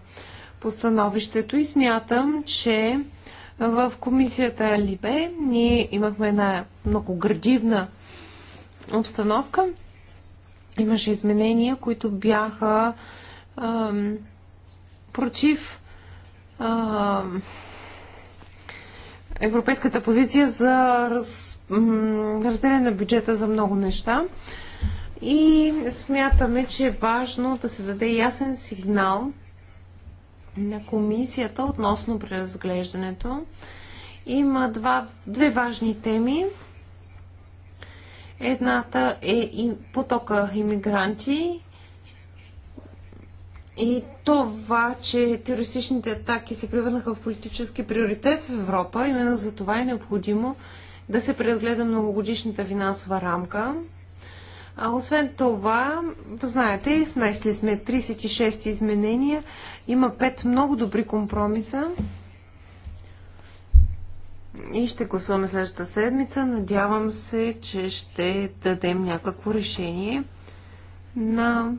Speaker 1: по становището и смятам, че в комисията Либе ние имахме една много градивна обстановка. Имаше изменения, които бяха ам, против а, европейската позиция за раз, разделение на бюджета за много неща. И смятаме, че е важно да се даде ясен сигнал на комисията относно преразглеждането. Има два, две важни теми. Едната е потока иммигранти и това, че терористичните атаки се превърнаха в политически приоритет в Европа, именно за това е необходимо да се преразгледа многогодишната финансова рамка. А освен това, знаете, внесли сме 36 изменения, има 5 много добри компромиса и ще гласуваме следващата седмица. Надявам се, че ще дадем някакво решение на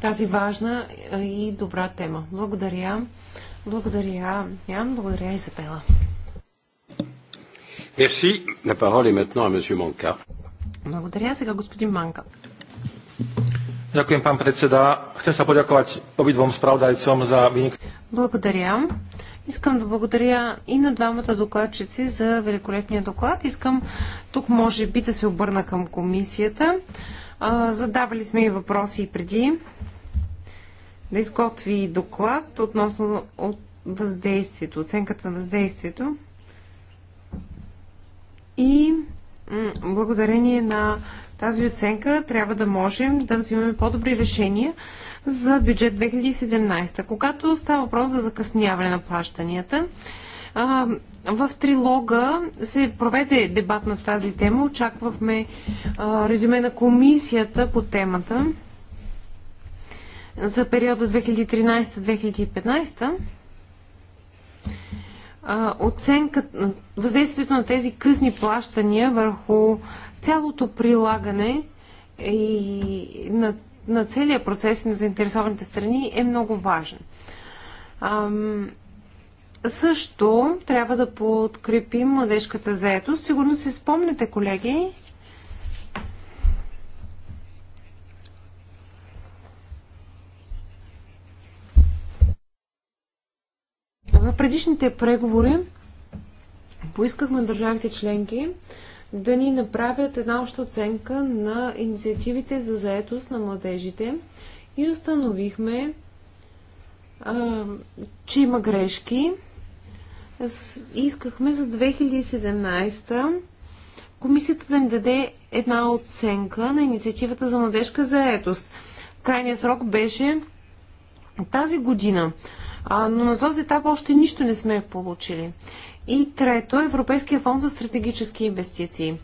Speaker 1: тази важна и добра тема. Благодаря. Благодаря, Ян. Благодаря, Изабела. Мерси. На parole est maintenant à monsieur Благодаря. Сега господин Манка. Ďakujem, pán predseda. Chcem sa poďakovať obidvom spravodajcom za vynik. Благодаря. Искам да благодаря и на двамата докладчици за великолепния доклад. Искам тук може би да се обърна към комисията. Задавали сме и въпроси преди да изготви доклад относно от въздействието, оценката на въздействието. И благодарение на тази оценка трябва да можем да взимаме по-добри решения за бюджет 2017. Когато става въпрос за закъсняване на плащанията, в трилога се проведе дебат на тази тема. Очаквахме резюме на комисията по темата за периода 2013-2015. Оценка, въздействието на тези късни плащания върху цялото прилагане и на, на целия процес на заинтересованите страни е много важен. Също трябва да подкрепим младежката заетост. Сигурно си спомняте, колеги, В предишните преговори поискахме държавите членки да ни направят една обща оценка на инициативите за заетост на младежите и установихме, а, че има грешки искахме за 2017 комисията да ни даде една оценка на инициативата за младежка заетост. Крайният срок беше тази година, а, но на този етап още нищо не сме получили. И трето, Европейския фонд за стратегически инвестиции.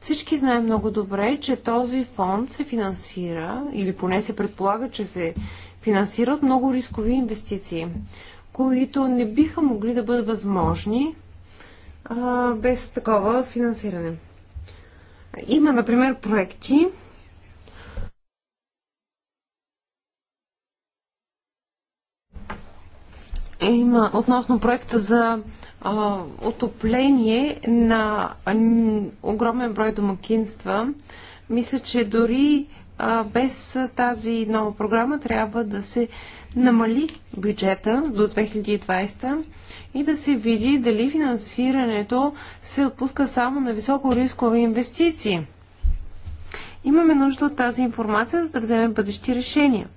Speaker 1: Всички знаем много добре, че този фонд се финансира, или поне се предполага, че се финансират много рискови инвестиции които не биха могли да бъдат възможни а, без такова финансиране. Има, например, проекти, е, има относно проекта за а, отопление на огромен брой домакинства. Мисля, че дори без тази нова програма трябва да се намали бюджета до 2020 и да се види дали финансирането се отпуска само на високо рискови инвестиции. Имаме нужда от тази информация, за да вземем бъдещи решения.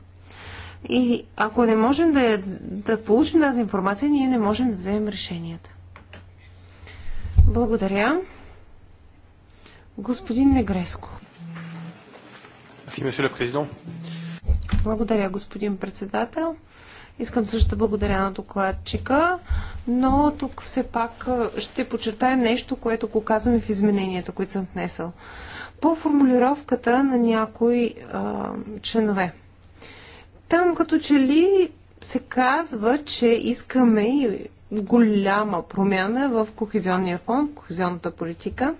Speaker 1: И ако не можем да, да получим тази информация, ние не можем да вземем решенията. Благодаря. Господин Негреско. Благодаря, господин председател. Искам също да благодаря на докладчика, но тук все пак ще подчертая нещо, което го казваме в измененията, които съм внесъл. По формулировката на някои а, членове. Там като че ли се казва, че искаме и голяма промяна в кохезионния фонд, кохезионната политика.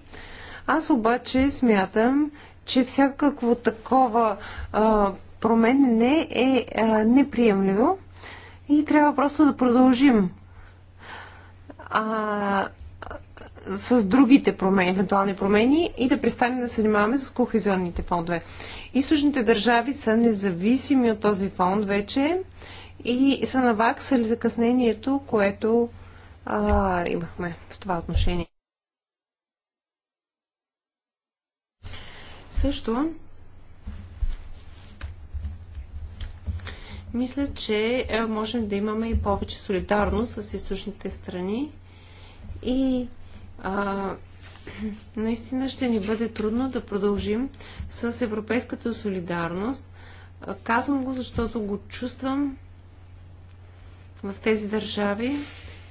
Speaker 1: Аз обаче смятам, че всякакво такова а, променене е а, неприемливо и трябва просто да продължим а, с другите промени, евентуални промени и да престанем да се занимаваме с кохезионните фондове. Източните държави са независими от този фонд вече и са наваксали закъснението, което а, имахме в това отношение. Също мисля, че е, можем да имаме и повече солидарност с източните страни и а, [clears throat] наистина ще ни бъде трудно да продължим с европейската солидарност. Казвам го, защото го чувствам в тези държави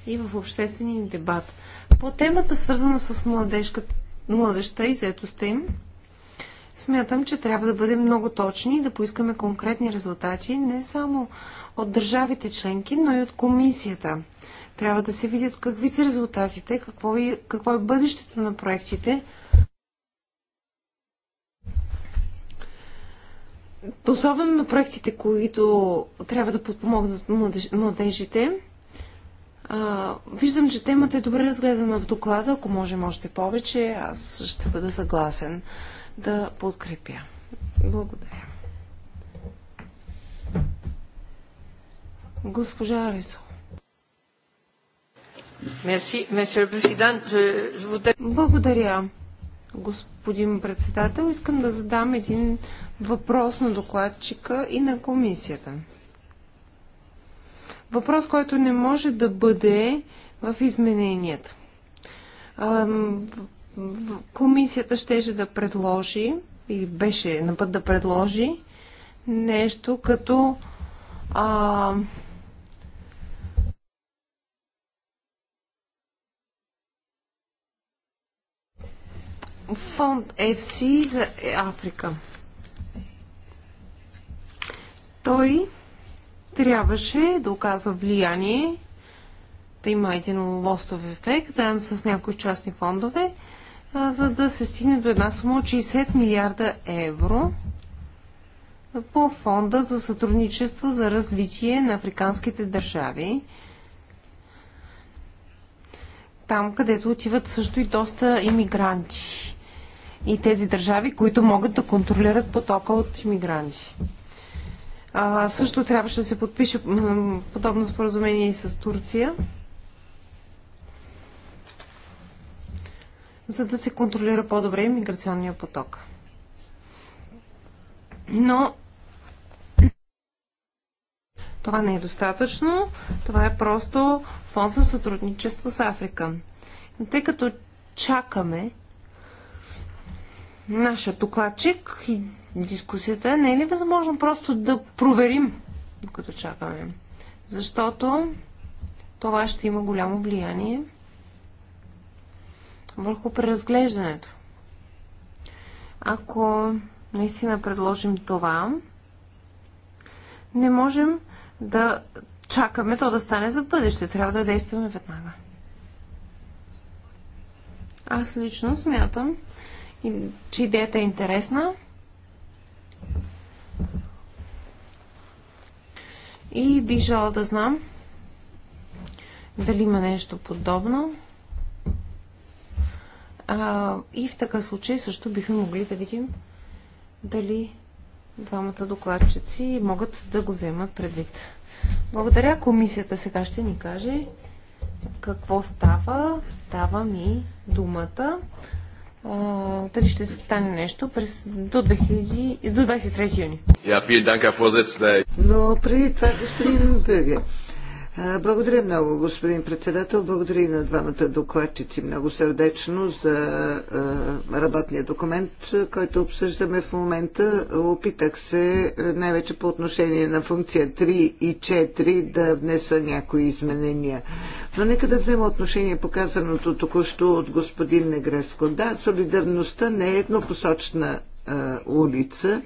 Speaker 1: и в обществения дебат. По темата, свързана с младежката, младеща и заетостта им, Смятам, че трябва да бъдем много точни и да поискаме конкретни резултати не само от държавите членки, но и от комисията. Трябва да се видят какви са резултатите, какво е, какво е бъдещето на проектите. Особено на проектите, които трябва да подпомогнат младежите. А, виждам, че темата е добре разгледана в доклада. Ако може още повече, аз ще бъда съгласен да подкрепя. Благодаря. Госпожа Арисо. Е, е, е- Благодаря, господин председател. Искам да задам един въпрос на докладчика и на комисията. Въпрос, който не може да бъде в измененията комисията щеше да предложи или беше на път да предложи нещо като а, фонд FC за Африка. Той трябваше да оказва влияние, да има един лостов ефект, заедно с някои частни фондове, за да се стигне до една сума от 60 милиарда евро по фонда за сътрудничество за развитие на африканските държави. Там, където отиват също и доста иммигранти. И тези държави, които могат да контролират потока от иммигранти. А, също трябваше да се подпише подобно споразумение и с Турция. за да се контролира по-добре миграционния поток. Но това не е достатъчно. Това е просто фонд за сътрудничество с Африка. И тъй като чакаме нашия докладчик и дискусията, не е ли възможно просто да проверим, докато чакаме? Защото това ще има голямо влияние върху преразглеждането. Ако наистина предложим това, не можем да чакаме то да стане за бъдеще. Трябва да действаме веднага. Аз лично смятам, че идеята е интересна. И бих желала да знам дали има нещо подобно. А, и в такъв случай също бихме могли да видим дали двамата докладчици могат да го вземат предвид. Благодаря. Комисията сега ще ни каже какво става. Дава ми думата. А, дали ще стане нещо през, до, 2000, до 23 юни.
Speaker 2: Yeah, Но преди това, господин Бюгер, благодаря много, господин председател. Благодаря и на двамата докладчици много сърдечно за работния документ, който обсъждаме в момента. Опитах се най-вече по отношение на функция 3 и 4 да внеса някои изменения. Но нека да взема отношение показаното току-що от господин Негреско. Да, солидарността не е еднопосочна улица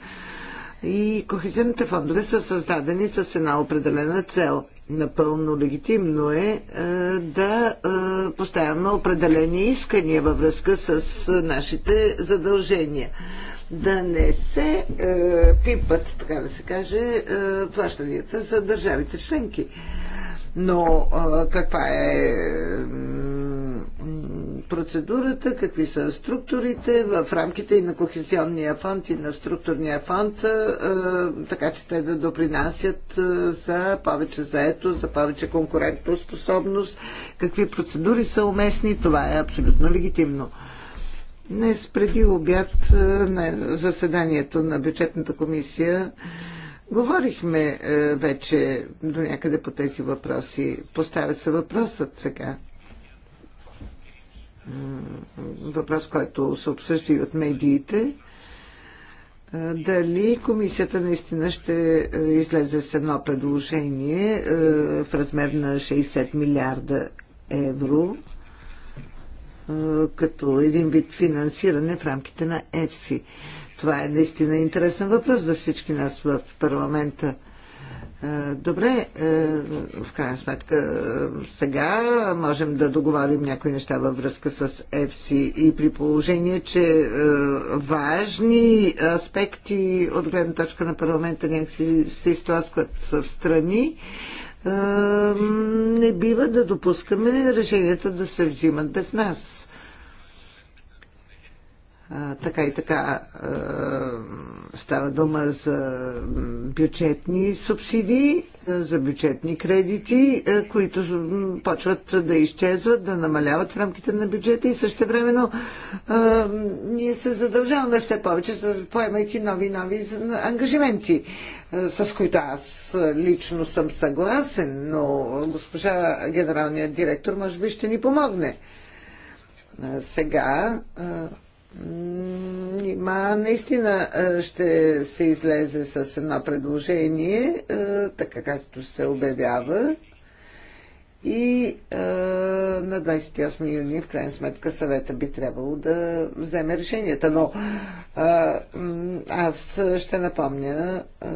Speaker 2: и кохезионните фондове са създадени с една определена цел – Напълно легитимно е, е да е, поставяме определени искания във връзка с е, нашите задължения. Да не се пипат, така да се каже, плащанията за държавите членки но каква е процедурата, какви са структурите в рамките и на Кохезионния фонд и на структурния фонд, така че те да допринасят за повече заето, за повече конкурентоспособност, какви процедури са уместни, това е абсолютно легитимно. Днес преди обяд на заседанието на бюджетната комисия Говорихме е, вече до някъде по тези въпроси. Поставя се въпросът сега. Въпрос, който се обсъжда и от медиите. Е, дали комисията наистина ще е, излезе с едно предложение в размер на 60 милиарда евро като един вид финансиране в рамките на ЕФСИ. Това е наистина интересен въпрос за всички нас в парламента. Е, добре, е, в крайна сметка е, сега можем да договорим някои неща във връзка с FC и при положение, че важни аспекти от гледна точка на парламента някакси се изтласкват в страни, не бива да допускаме решенията да се взимат без нас така и така става дума за бюджетни субсидии, за бюджетни кредити, които почват да изчезват, да намаляват в рамките на бюджета и също времено ние се задължаваме все повече, поемайки нови-нови ангажименти, с които аз лично съм съгласен, но госпожа генералният директор може би ще ни помогне. Сега Ма наистина е, ще се излезе с едно предложение, е, така както се обявява и е, на 28 юни, в крайна сметка, съвета би трябвало да вземе решенията. Но е, аз ще напомня, е,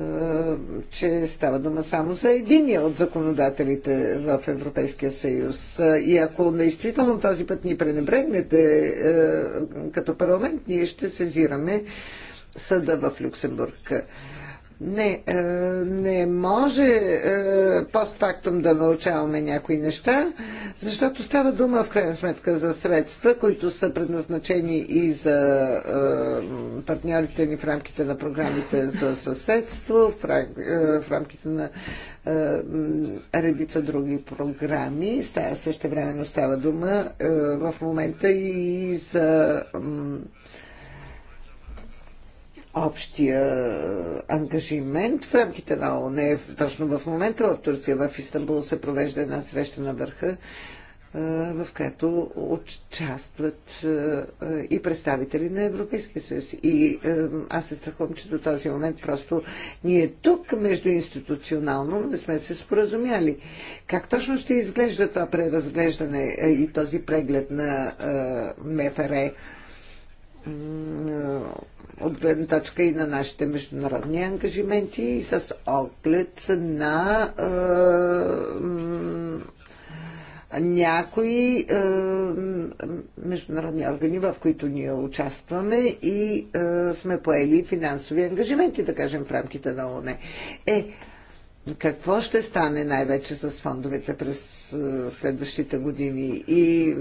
Speaker 2: че става дума само за единия от законодателите в Европейския съюз. И ако действително този път ни пренебрегнете е, като парламент, ние ще сезираме съда в Люксембург. Е, не, е, не може е, постфактум да научаваме някои неща, защото става дума в крайна сметка за средства, които са предназначени и за е, партньорите ни в рамките на програмите за съседство, в, е, в рамките на е, редица други програми. Става, също времено става дума е, в момента и за. Е, общия е, ангажимент в рамките на ОНЕ. Точно в момента в Турция, в Истанбул се провежда една среща на върха, е, в която участват е, и представители на Европейския съюз. И аз се страхувам, че до този момент просто ние тук междуинституционално не сме се споразумяли. Как точно ще изглежда това преразглеждане и този преглед на МФР? от гледна точка и на нашите международни ангажименти и с оглед на е, някои е, международни органи, в които ние участваме и е, сме поели финансови ангажименти, да кажем, в рамките на ОНЕ. Е, какво ще стане най-вече с фондовете през е, следващите години и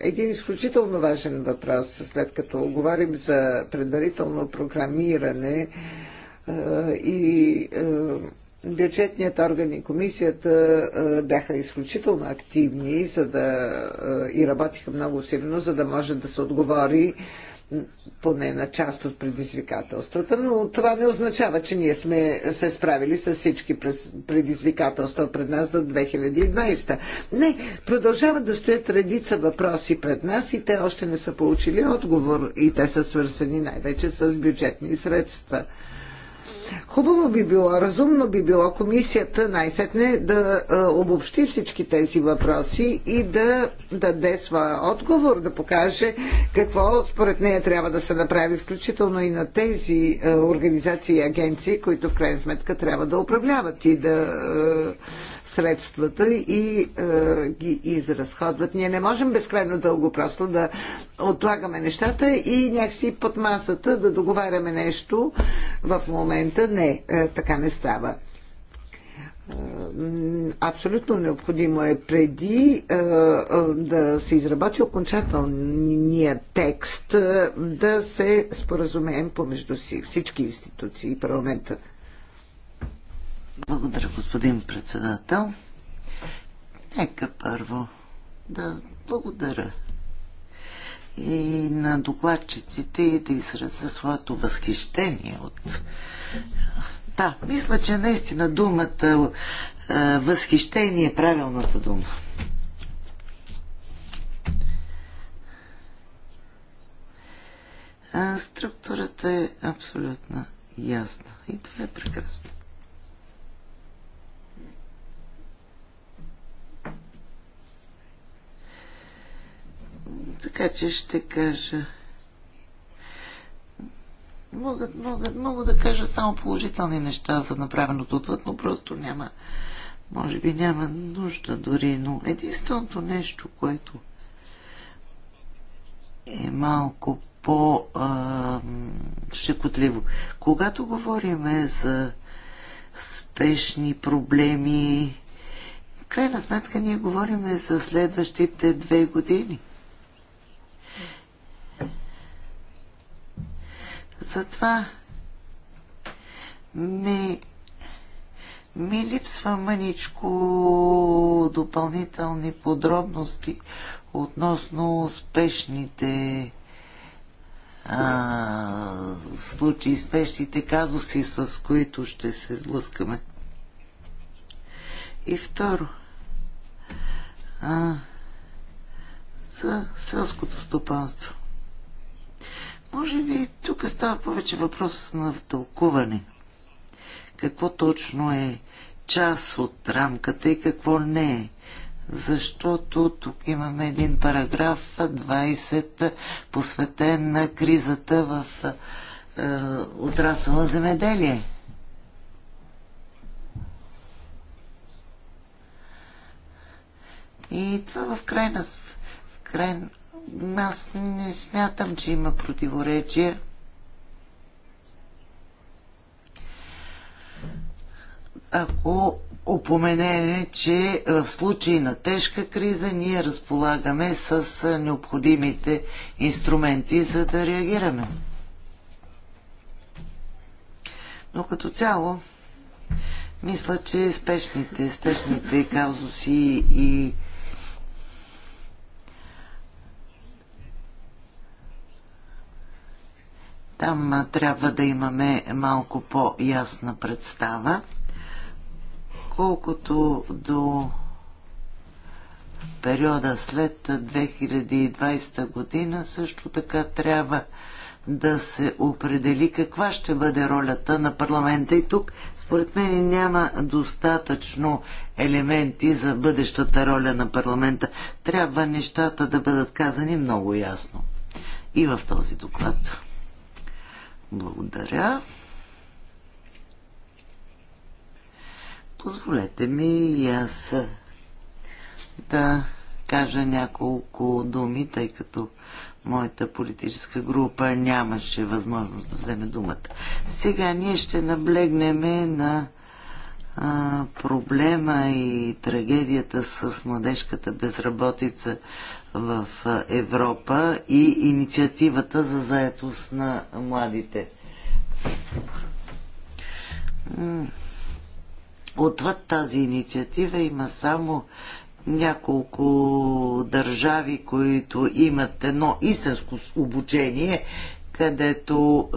Speaker 2: един изключително важен въпрос, след като говорим за предварително програмиране е, и е, бюджетният орган и комисията е, бяха изключително активни за да, и работиха много силно, за да може да се отговори поне на част от предизвикателствата, но това не означава, че ние сме се справили с всички предизвикателства пред нас до 2020. Не, продължават да стоят редица въпроси пред нас и те още не са получили отговор и те са свързани най-вече с бюджетни средства. Хубаво би било, разумно би било комисията най-сетне да обобщи всички тези въпроси и да даде своя отговор, да покаже какво според нея трябва да се направи, включително и на тези организации и агенции, които в крайна сметка трябва да управляват и да средствата и е, ги изразходват. Ние не можем безкрайно дълго просто да отлагаме нещата и някакси под масата да договаряме нещо. В момента не, е, така не става. Е, абсолютно необходимо е преди е, е, да се изработи окончателния текст да се споразумеем помежду си всички институции и парламента. Благодаря, господин председател. Нека първо да благодаря и на докладчиците и да изразя своето възхищение от... Да, мисля, че наистина думата е, възхищение е правилната дума. А, е, структурата е абсолютно ясна и това е прекрасно. Така че ще кажа. Мога, мога, мога да кажа само положителни неща за направеното отвъд, но просто няма. Може би няма нужда дори, но единственото нещо, което е малко по-щекотливо. Когато говорим за спешни проблеми, крайна сметка ние говорим за следващите две години. Затова ми, ми липсва мъничко допълнителни подробности относно успешните а, случаи, спешните казуси, с които ще се сблъскаме. И второ, а, за селското стопанство. Може би тук става повече въпрос на тълкуване. Какво точно е част от рамката и какво не е? Защото тук имаме един параграф 20, посветен на кризата в е, на земеделие. И това в крайна, в крайна аз не смятам, че има противоречия. Ако упоменене, че в случай на тежка криза ние разполагаме с необходимите инструменти, за да реагираме. Но като цяло, мисля, че спешните, спешните казуси и Там трябва да имаме малко по-ясна представа. Колкото до периода след 2020 година, също така трябва да се определи каква ще бъде ролята на парламента. И тук, според мен, няма достатъчно елементи за бъдещата роля на парламента. Трябва нещата да бъдат казани много ясно. И в този доклад. Благодаря. Позволете ми и аз да кажа няколко думи, тъй като моята политическа група нямаше възможност да вземе думата. Сега ние ще наблегнем на а, проблема и трагедията с младежката безработица в Европа и инициативата за заетост на младите. Отвъд тази инициатива има само няколко държави, които имат едно истинско обучение, където е,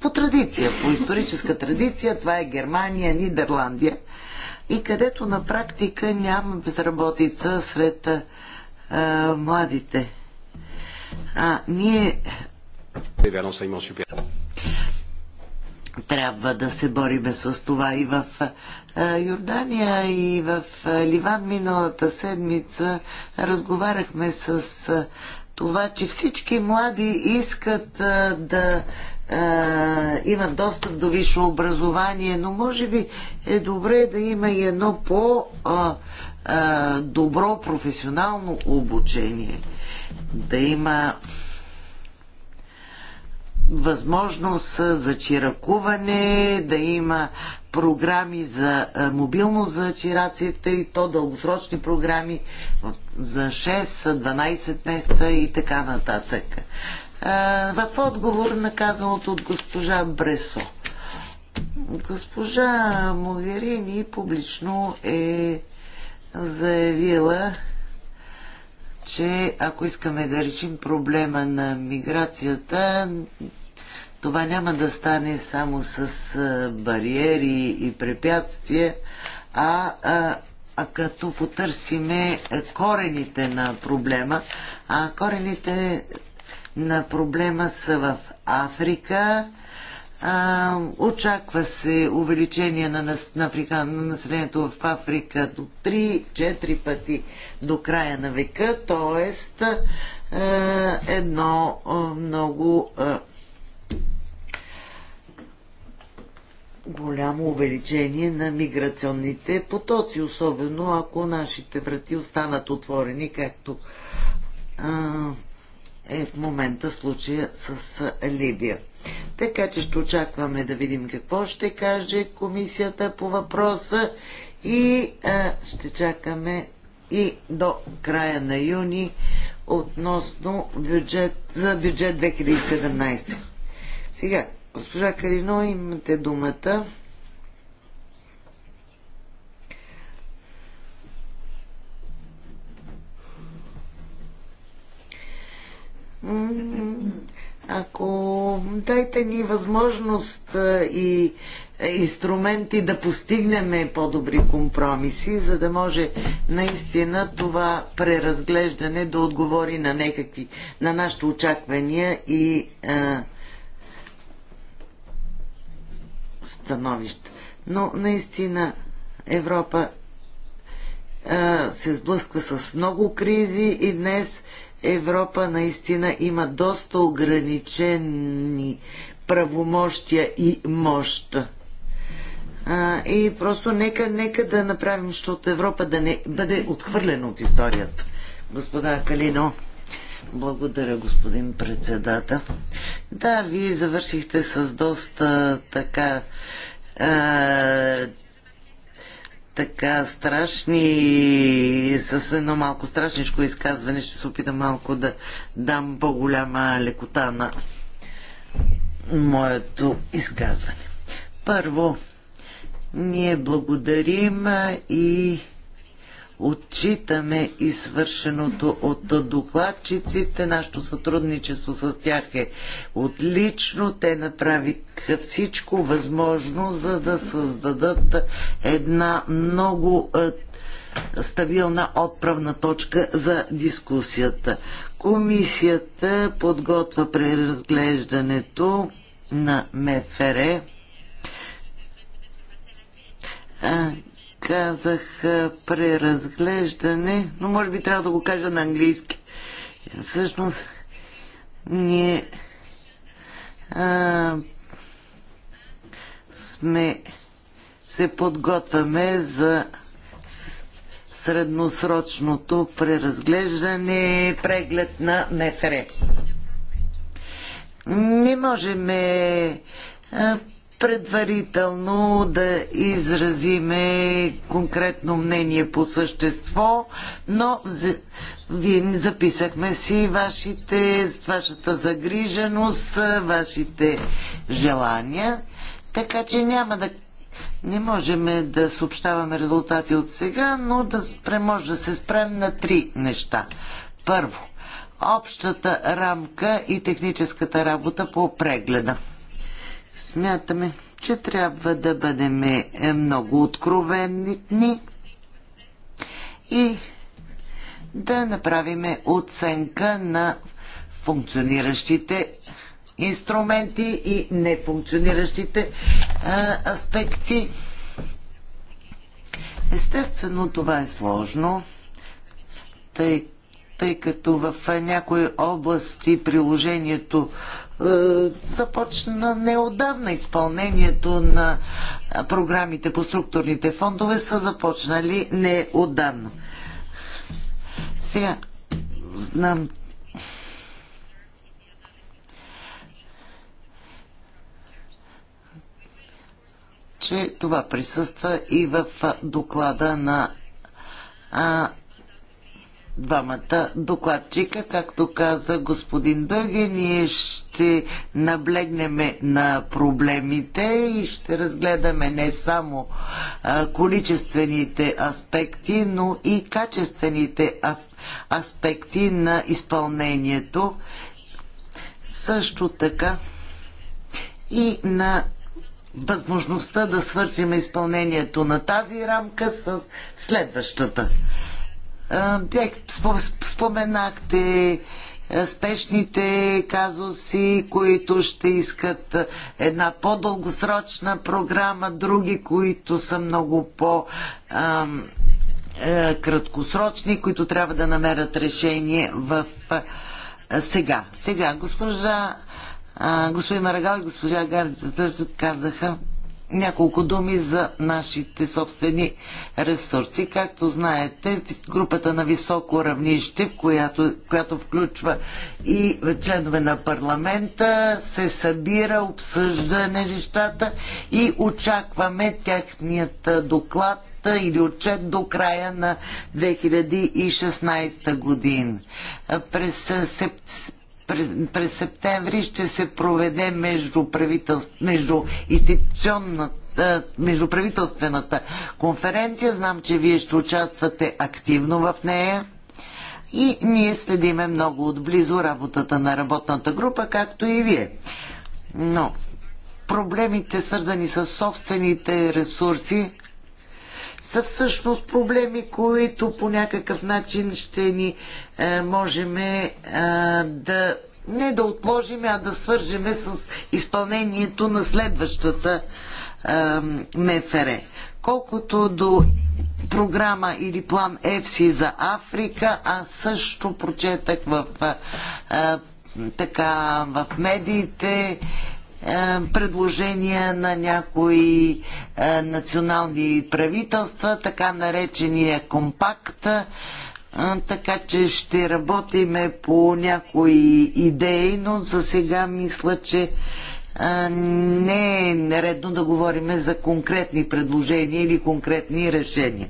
Speaker 2: по традиция, по историческа традиция, това е Германия, Нидерландия и където на практика няма безработица сред а, младите. А ние трябва да се бориме с това и в Йордания и в Ливан миналата седмица разговаряхме с това, че всички млади искат да имат достъп до висше образование, но може би е добре да има и едно по-добро професионално обучение. Да има възможност за чиракуване, да има програми за мобилно за чираците и то дългосрочни програми за 6-12 месеца и така нататък в отговор на казаното от госпожа Бресо. Госпожа Могерини публично е заявила, че ако искаме да решим проблема на миграцията, това няма да стане само с бариери и препятствия, а, а, а като потърсиме корените на проблема, а корените на проблема са в Африка. А, очаква се увеличение на, нас, на, Африка, на населението в Африка до 3-4 пъти до края на века, т.е. едно много а, голямо увеличение на миграционните потоци, особено ако нашите врати останат отворени, както а, е в момента случая с Либия. Така че ще очакваме да видим какво ще каже комисията по въпроса и а, ще чакаме и до края на юни относно бюджет, за бюджет 2017. Сега, госпожа Карино, имате думата. Ако дайте ни възможност и инструменти да постигнем по-добри компромиси, за да може наистина това преразглеждане да отговори на някакви, на нашите очаквания и а, становища. Но наистина Европа а, се сблъсква с много кризи и днес Европа наистина има доста ограничени правомощия и мощ. А, и просто нека, нека да направим, защото Европа да не бъде отхвърлена от историята. Господа Калино. Благодаря, господин председател. Да, вие завършихте с доста така така страшни, с едно малко страшничко изказване, ще се опитам малко да дам по-голяма лекота на моето изказване. Първо, ние благодарим и отчитаме и свършеното от докладчиците. Нашето сътрудничество с тях е отлично. Те направиха всичко възможно, за да създадат една много е, стабилна отправна точка за дискусията. Комисията подготвя преразглеждането на МФР е, казах преразглеждане, но може би трябва да го кажа на английски. Всъщност, ние а, сме се подготвяме за средносрочното преразглеждане, преглед на МФР. Не можем предварително да изразиме конкретно мнение по същество, но вие записахме си вашите, вашата загриженост, вашите желания, така че няма да не можем да съобщаваме резултати от сега, но да може да се спрем на три неща. Първо, общата рамка и техническата работа по прегледа. Смятаме, че трябва да бъдем е, много откровенни и да направиме оценка на функциониращите инструменти и нефункциониращите а, аспекти. Естествено, това е сложно, тъй, тъй като в някои области приложението е, започна неодавна изпълнението на програмите по структурните фондове са започнали неодавна. Сега, знам, че това присъства и в доклада на а, двамата докладчика. Както каза господин Бъге, ние ще наблегнем на проблемите и ще разгледаме не само количествените аспекти, но и качествените аспекти на изпълнението. Също така и на възможността да свършим изпълнението на тази рамка с следващата. Бях, споменахте спешните казуси, които ще искат една по-дългосрочна програма, други, които са много по- е, краткосрочни, които трябва да намерят решение в сега. Сега, госпожа, господин Марагал и госпожа Гарница казаха няколко думи за нашите собствени ресурси. Както знаете, групата на високо равнище, в която, която включва и членове на парламента, се събира, обсъжда нещата и очакваме тяхният доклад или отчет до края на 2016 година. През септември през, през септември ще се проведе между, между институционната междуправителствената конференция. Знам, че вие ще участвате активно в нея. И ние следиме много отблизо работата на работната група, както и вие. Но проблемите, свързани с собствените ресурси, са всъщност проблеми, които по някакъв начин ще ни е, можем е, да не да отложим, а да свържеме с изпълнението на следващата е, МФР. Колкото до програма или план ЕФСИ за Африка, аз също прочетах в е, е така в медиите е, предложения на някои е, национални правителства, така наречения компакт, е, така че ще работиме по някои идеи, но за сега мисля, че не е наредно да говорим за конкретни предложения или конкретни решения.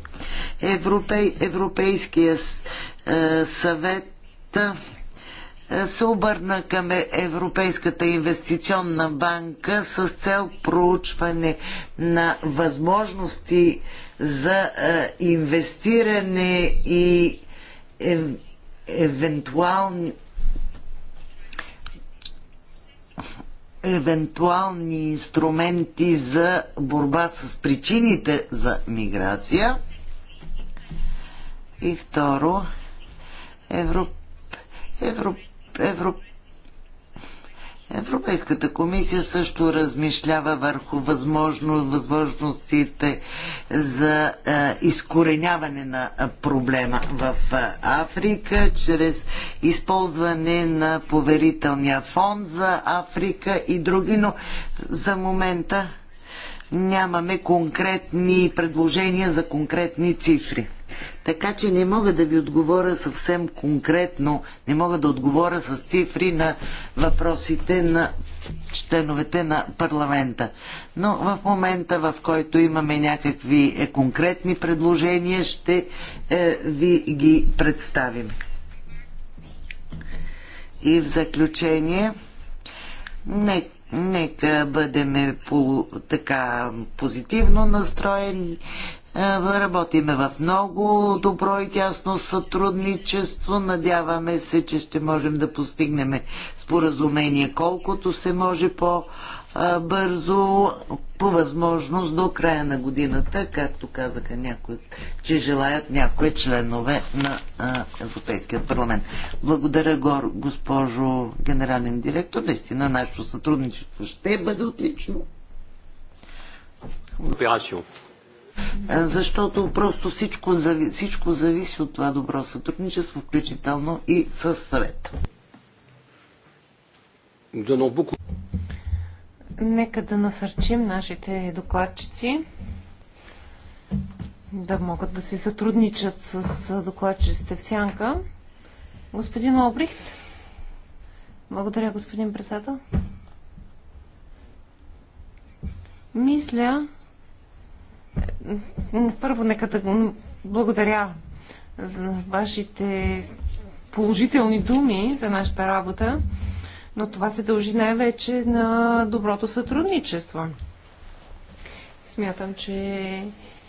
Speaker 2: Европей, Европейския съвет се обърна към е- Европейската инвестиционна банка с цел проучване на възможности за е, инвестиране и евентуални евентуални инструменти за борба с причините за миграция. И второ, Европ... Европ... Европ... Европейската комисия също размишлява върху възможно, възможностите за а, е, изкореняване на е, проблема в е, Африка чрез използване на поверителния фонд за Африка и други, но за момента нямаме конкретни предложения за конкретни цифри. Така че не мога да ви отговоря съвсем конкретно, не мога да отговоря с цифри на въпросите на членовете на парламента. Но в момента, в който имаме някакви е, конкретни предложения, ще е, ви ги представим. И в заключение, нека нека бъдем по, така позитивно настроени, е, работиме в много добро и тясно сътрудничество. Надяваме се, че ще можем да постигнем споразумение колкото се може по-бързо, по възможност до края на годината, както казаха някои, че желаят някои членове на Европейския парламент. Благодаря, госпожо генерален директор. Наистина, нашето сътрудничество ще бъде отлично. Благодаря. Е, защото просто всичко, зави, всичко зависи от това добро сътрудничество, включително и с съвета.
Speaker 1: Нека да насърчим нашите докладчици да могат да си сътрудничат с докладчиците в сянка. Господин Обрихт. Благодаря, господин председател. Мисля, първо, нека да благодаря за вашите положителни думи за нашата работа, но това се дължи най-вече на доброто сътрудничество. Смятам, че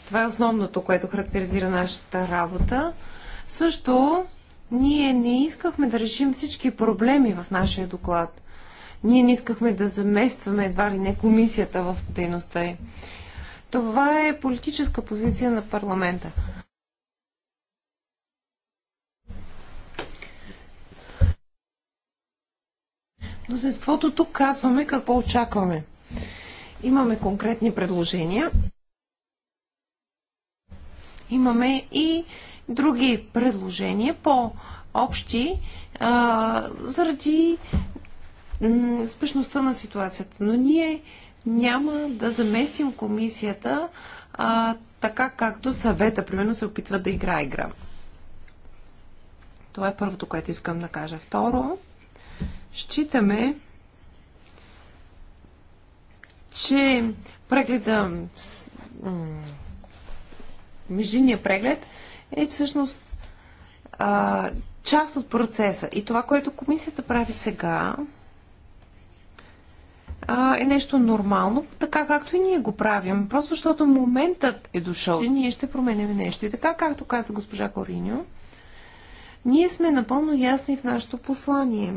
Speaker 1: това е основното, което характеризира нашата работа. Също ние не искахме да решим всички проблеми в нашия доклад. Ние не искахме да заместваме едва ли не комисията в дейността й. Това е политическа позиция на парламента. Мнозинството тук казваме какво очакваме. Имаме конкретни предложения. Имаме и други предложения по-общи заради спешността на ситуацията. Но ние няма да заместим комисията а, така както съвета, примерно, се опитва да игра игра. Това е първото, което искам да кажа. Второ, считаме, че прегледа, междинния преглед е всъщност а, част от процеса. И това, което комисията прави сега, е нещо нормално, така както и ние го правим. Просто защото моментът е дошъл, че ние ще променим нещо. И така както каза госпожа Кориньо, ние сме напълно ясни в нашето послание.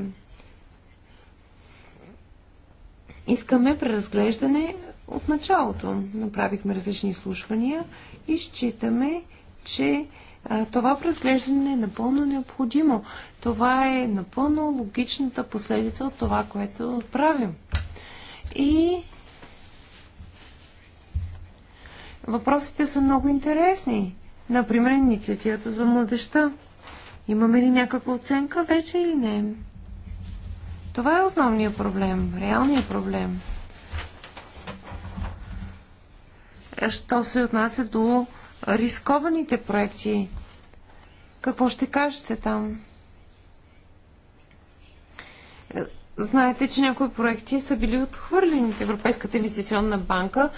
Speaker 1: Искаме преразглеждане от началото. Направихме различни изслушвания и считаме, че а, това преразглеждане е напълно необходимо. Това е напълно логичната последица от това, което се отправим. И въпросите са много интересни. Например, инициативата за младеща. Имаме ли някаква оценка вече или не? Това е основният проблем, реалният проблем. Що се отнася до рискованите проекти? Какво ще кажете там? Знаете, че някои проекти са били отхвърлени от Европейската инвестиционна банка,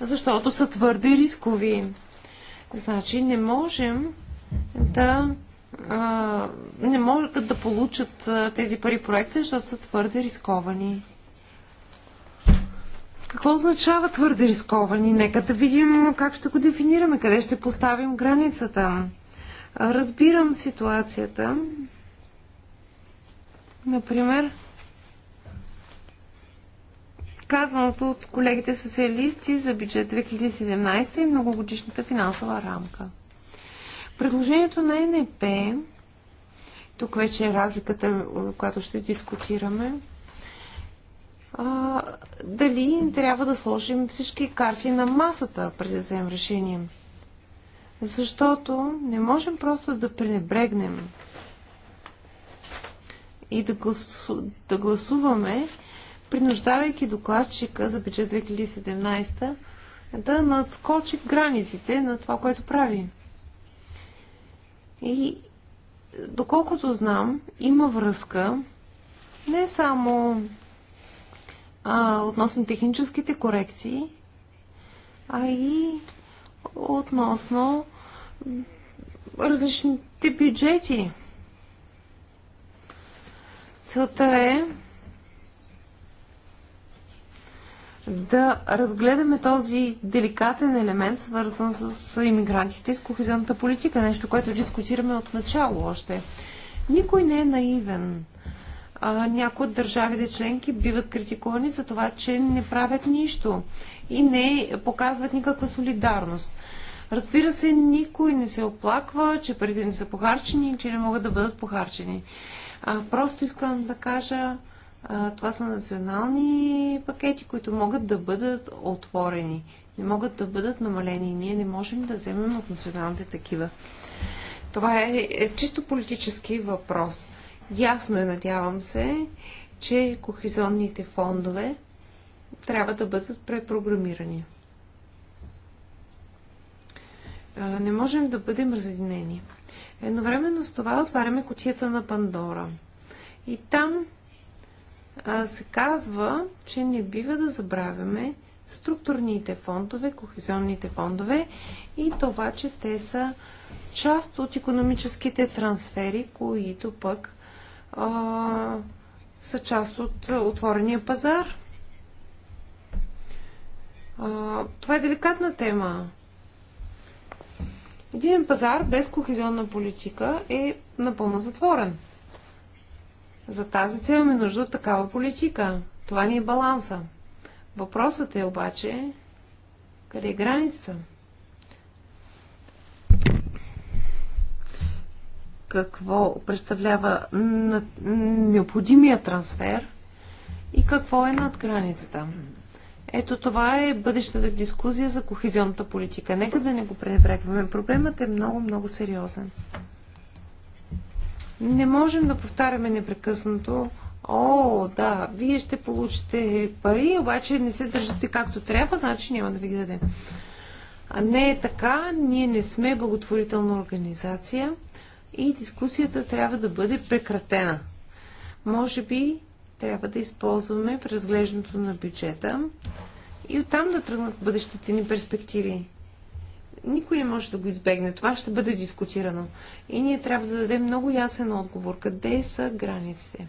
Speaker 1: защото са твърде рискови. Значи не можем да а, не могат да получат а, тези пари проекти, защото са твърде рисковани. Какво означава твърде рисковани? Нека да видим как ще го дефинираме, къде ще поставим границата. Разбирам ситуацията. Например, казаното от колегите социалисти за бюджет 2017 и многогодишната финансова рамка. Предложението на НП, тук вече е разликата, която ще дискутираме, а, дали трябва да сложим всички карти на масата преди да вземем решение. Защото не можем просто да пренебрегнем и да, гласу, да гласуваме принуждавайки докладчика за бюджет 2017 да надскочи границите на това, което прави. И доколкото знам, има връзка не само а, относно техническите корекции, а и относно различните бюджети. Целта е да разгледаме този деликатен елемент, свързан с иммигрантите и с кохезионната политика, нещо, което дискутираме от начало още. Никой не е наивен. А, някои от държавите членки биват критикувани за това, че не правят нищо и не показват никаква солидарност. Разбира се, никой не се оплаква, че парите не са похарчени, че не могат да бъдат похарчени. А, просто искам да кажа, това са национални пакети, които могат да бъдат отворени. Не могат да бъдат намалени. Ние не можем да вземем от националните такива. Това е, е чисто политически въпрос. Ясно е, надявам се, че кохизонните фондове трябва да бъдат препрограмирани. Не можем да бъдем разединени. Едновременно с това отваряме котията на Пандора. И там се казва, че не бива да забравяме структурните фондове, кохезионните фондове и това, че те са част от економическите трансфери, които пък а, са част от отворения пазар. А, това е деликатна тема. Един пазар без кохезионна политика е напълно затворен. За тази цел ми нужда от такава политика. Това ни е баланса. Въпросът е обаче, къде е границата? Какво представлява необходимия трансфер и какво е над границата? Ето това е бъдещата дискузия за кохезионната политика. Нека да не го пренебрегваме. Проблемът е много-много сериозен. Не можем да повтаряме непрекъснато О, да, вие ще получите пари, обаче не се държите както трябва, значи няма да ви ги дадем. А не е така, ние не сме благотворителна организация и дискусията трябва да бъде прекратена. Може би трябва да използваме преразглеждането на бюджета и оттам да тръгнат бъдещите ни перспективи. Никой не може да го избегне. Това ще бъде дискутирано. И ние трябва да дадем много ясен отговор. Къде са границите?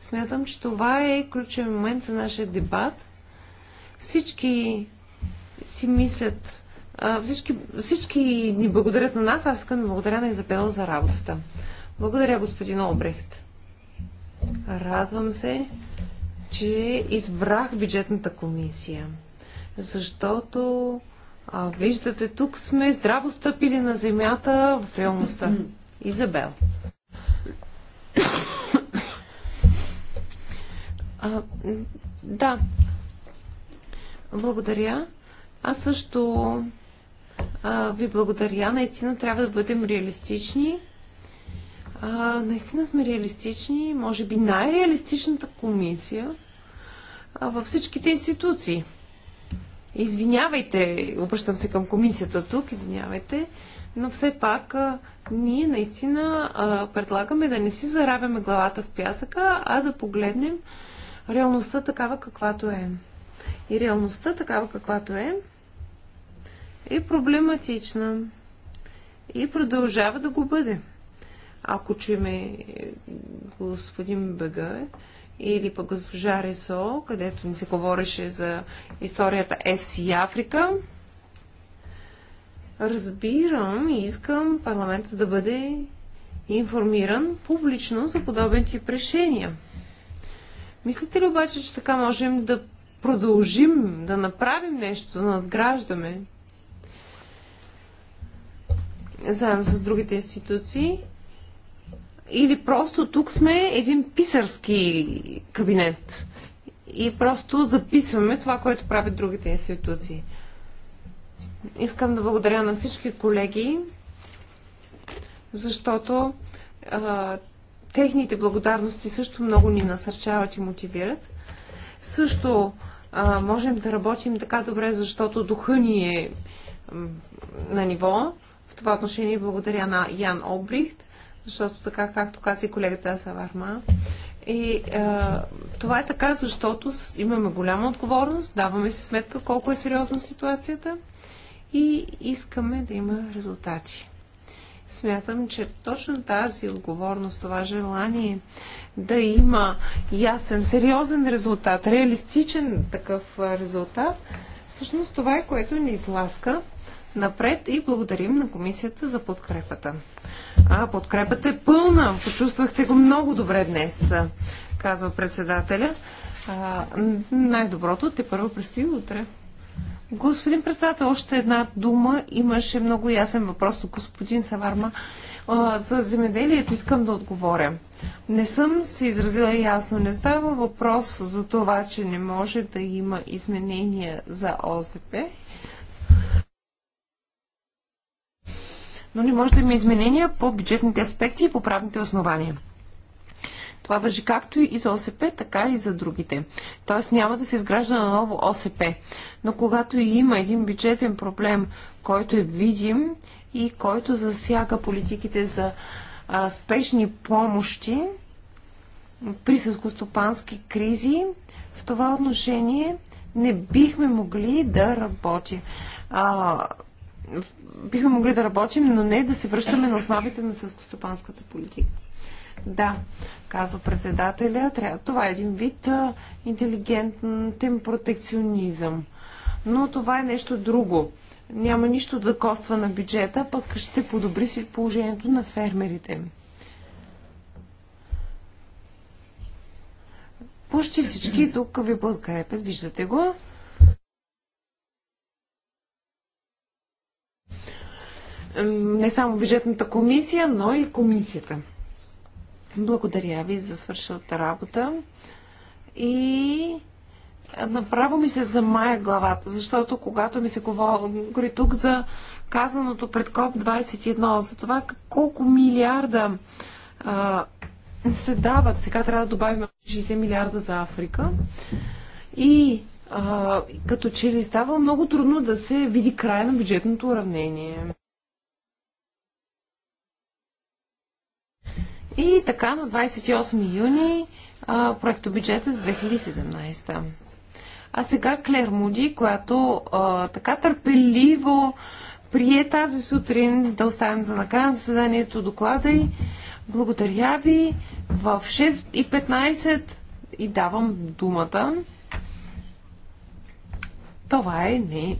Speaker 1: Смятам, че това е ключен момент за нашия дебат. Всички си мислят, всички, всички ни благодарят на нас, аз искам да благодаря на Изабела за работата. Благодаря, господин Обрехт. Радвам се, че избрах бюджетната комисия, защото а, виждате, тук сме здраво стъпили на земята в реалността. Изабел. А, да. Благодаря. Аз също а, ви благодаря. Наистина трябва да бъдем реалистични. А, наистина сме реалистични. Може би най-реалистичната комисия а, във всичките институции. Извинявайте, обръщам се към комисията тук, извинявайте, но все пак ние наистина предлагаме да не си заравяме главата в пясъка, а да погледнем реалността такава каквато е. И реалността такава каквато е е проблематична и продължава да го бъде. Ако чуеме е, господин Бегаве, или пък госпожа Ресо, където ни се говореше за историята FC Африка. Разбирам и искам парламента да бъде информиран публично за подобен тип решения. Мислите ли обаче, че така можем да продължим, да направим нещо, да надграждаме? Заедно с другите институции или просто тук сме един писарски кабинет и просто записваме това, което правят другите институции. Искам да благодаря на всички колеги, защото а, техните благодарности също много ни насърчават и мотивират. Също а, можем да работим така добре, защото духа ни е на ниво. В това отношение благодаря на Ян Обрихт, защото така, както каза и колегата Саварма, и а, е, това е така, защото имаме голяма отговорност, даваме си сметка колко е сериозна ситуацията и искаме да има резултати. Смятам, че точно тази отговорност, това желание да има ясен, сериозен резултат, реалистичен такъв резултат, всъщност това е което ни тласка напред и благодарим на комисията за подкрепата. А, подкрепата е пълна. Почувствахте го много добре днес, казва председателя. най-доброто те първо предстои утре. Господин председател, още една дума. Имаше много ясен въпрос от господин Саварма. За земеделието искам да отговоря. Не съм се изразила ясно. Не става въпрос за това, че не може да има изменения за ОСП но не може да има изменения по бюджетните аспекти и по правните основания. Това въжи както и за ОСП, така и за другите. Тоест няма да се изгражда на ново ОСП. Но когато и има един бюджетен проблем, който е видим и който засяга политиките за а, спешни помощи при съскостопански кризи, в това отношение не бихме могли да работи. А, бихме могли да работим, но не да се връщаме на основите на сълскостопанската политика. Да, казва председателя, трябва, това е един вид а, интелигентен протекционизъм. Но това е нещо друго. Няма нищо да коства на бюджета, пък ще подобри си положението на фермерите. Почти всички тук ви подкрепят, виждате го. не само бюджетната комисия, но и комисията. Благодаря ви за свършилата работа и направо ми се замая главата, защото когато ми се говори тук за казаното пред КОП-21, за това колко милиарда а, се дават, сега трябва да добавим 60 милиарда за Африка и а, като че ли става много трудно да се види край на бюджетното уравнение. И така на 28 юни проекто бюджета за 2017. А сега Клер Муди, която а, така търпеливо прие тази сутрин да оставим за накрая на заседанието доклада и благодаря ви в 6.15 и давам думата. Това е не,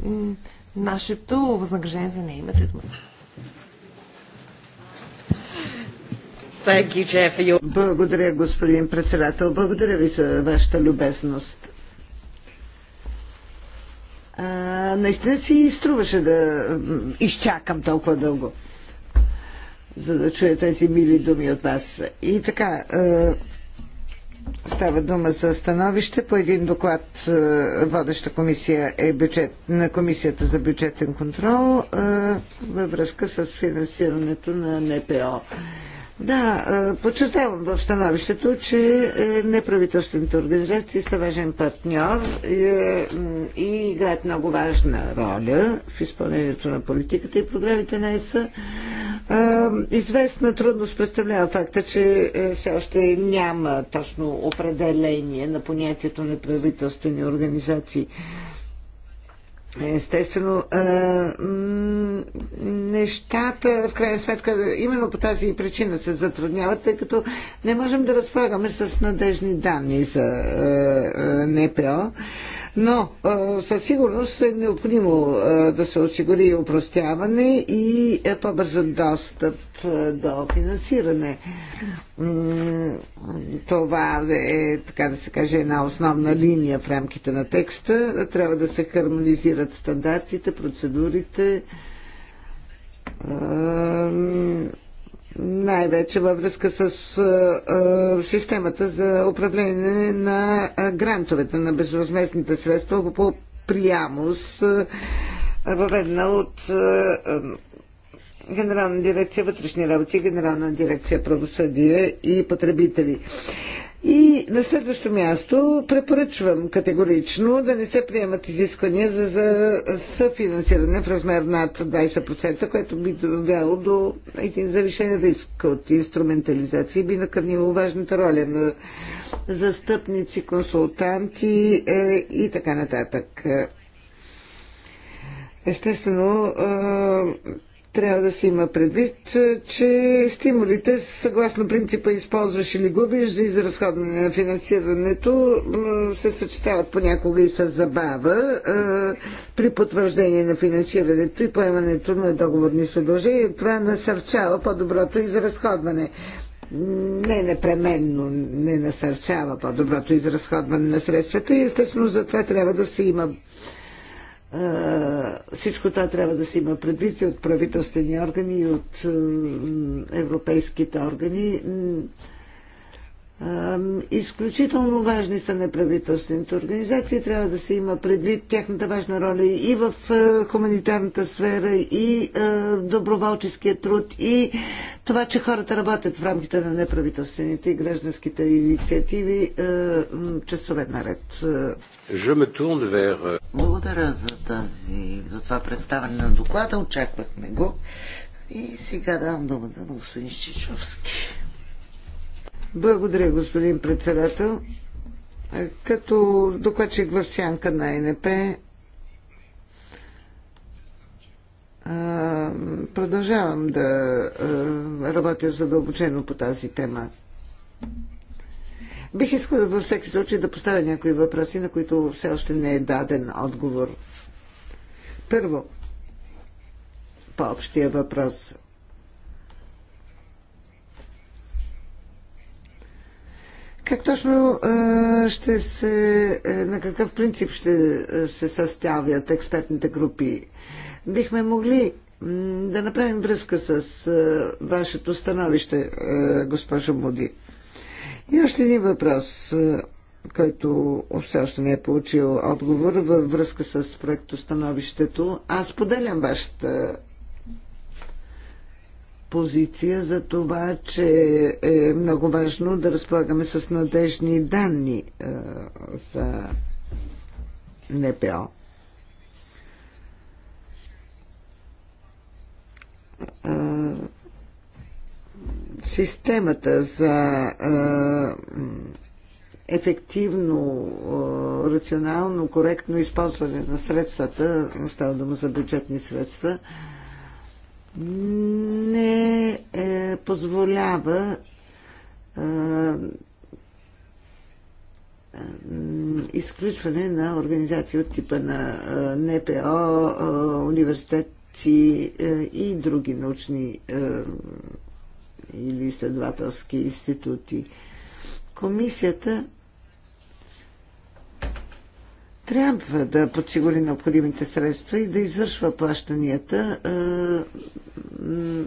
Speaker 1: нашето възнаграждение за нея. Имате думата.
Speaker 2: Благодаря, господин председател. Благодаря ви за вашата любезност. А, наистина си струваше да изчакам толкова дълго, за да чуя тези мили думи от вас. И така, става дума за становище по един доклад. водеща комисия е бюджет, на Комисията за бюджетен контрол във връзка с финансирането на НПО. Да, е, подчертавам в становището, че е, неправителствените организации са важен партньор е, и играят много важна роля в изпълнението на политиката и програмите на ЕСА. Известна трудност представлява факта, че все още няма точно определение на понятието на правителствени организации Естествено, нещата в крайна сметка именно по тази причина се затрудняват, тъй като не можем да разполагаме с надежни данни за НПО. Но със сигурност е необходимо да се осигури упростяване и е, по бърза достъп до финансиране. Това е, така да се каже, една основна линия в рамките на текста. Трябва да се хармонизират стандартите, процедурите, най-вече във връзка с а, системата за управление на грантовете на безвъзместните средства по приямост, въведена от а, Генерална дирекция вътрешни работи, Генерална дирекция правосъдие и потребители. И на следващо място препоръчвам категорично да не се приемат изисквания за, за съфинансиране в размер над 20%, което би довело до един завишен риск от инструментализация и би накърнило важната роля на застъпници, консултанти е, и така нататък. Естествено, е, трябва да се има предвид, че стимулите, съгласно принципа използваш или губиш за изразходване на финансирането, се съчетават понякога и с забава при потвърждение на финансирането и поемането на договорни съдължения. Това насърчава по-доброто изразходване. Не непременно не насърчава по-доброто изразходване на средствата и естествено за това трябва да се има всичко това трябва да се има предвид и от правителствени органи, и от европейските органи. Изключително важни са неправителствените организации. Трябва да се има предвид тяхната важна роля и в е, хуманитарната сфера, и е, доброволческия труд, и това, че хората работят в рамките на неправителствените и гражданските инициативи е, часове наред. Благодаря за, тази, за това представяне на доклада. Очаквахме го. И сега давам думата на господин Щичовски. Благодаря, господин председател. Като докладчик в сянка на НП, продължавам да работя задълбочено по тази тема. Бих искал във всеки случай да поставя някои въпроси, на които все още не е даден отговор. Първо, по общия въпрос. Как точно ще се, на какъв принцип ще се съставят експертните групи? Бихме могли да направим връзка с вашето становище, госпожо Муди. И още един въпрос, който все още не е получил отговор във връзка с становището. Аз поделям вашата позиция за това, че е много важно да разполагаме с надежни данни е, за НПО. Е, системата за е, ефективно, рационално, коректно използване на средствата, става дума за бюджетни средства, не е, позволява е, е, изключване на организации от типа на е, НПО, е, университети и други научни или изследователски институти. Комисията трябва да подсигури необходимите средства и да извършва плащанията е,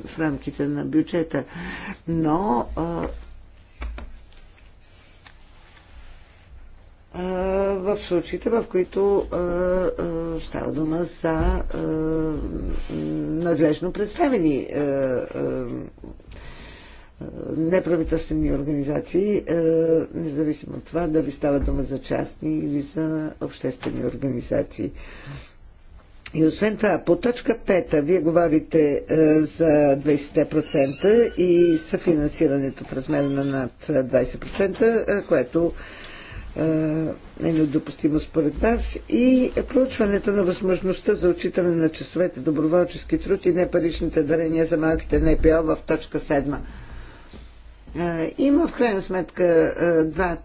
Speaker 2: в рамките на бюджета. Но е, е, в случаите, в които става дума за надлежно представени неправителствени организации, е, независимо от това дали става дума за частни или за обществени организации. И освен това, по точка 5 вие говорите е, за 20% и съфинансирането в размер на над 20%, е, което е недопустимо според вас и проучването на възможността за отчитане на часовете, доброволчески труд и непаричните дарения за малките НПО в точка 7. Е, има в крайна сметка е, два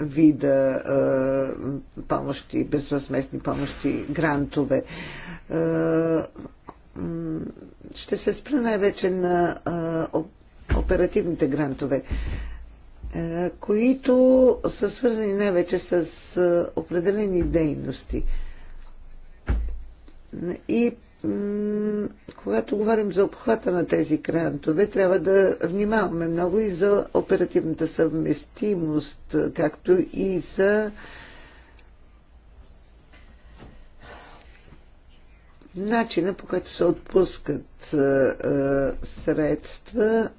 Speaker 2: вида е, помощи, безвъзместни помощи, грантове. Ще се спра най-вече на оперативните грантове, които са свързани най-вече с определени дейности. И когато говорим за обхвата на тези грантове, трябва да внимаваме много и за оперативната съвместимост, както и за начина по който се отпускат средства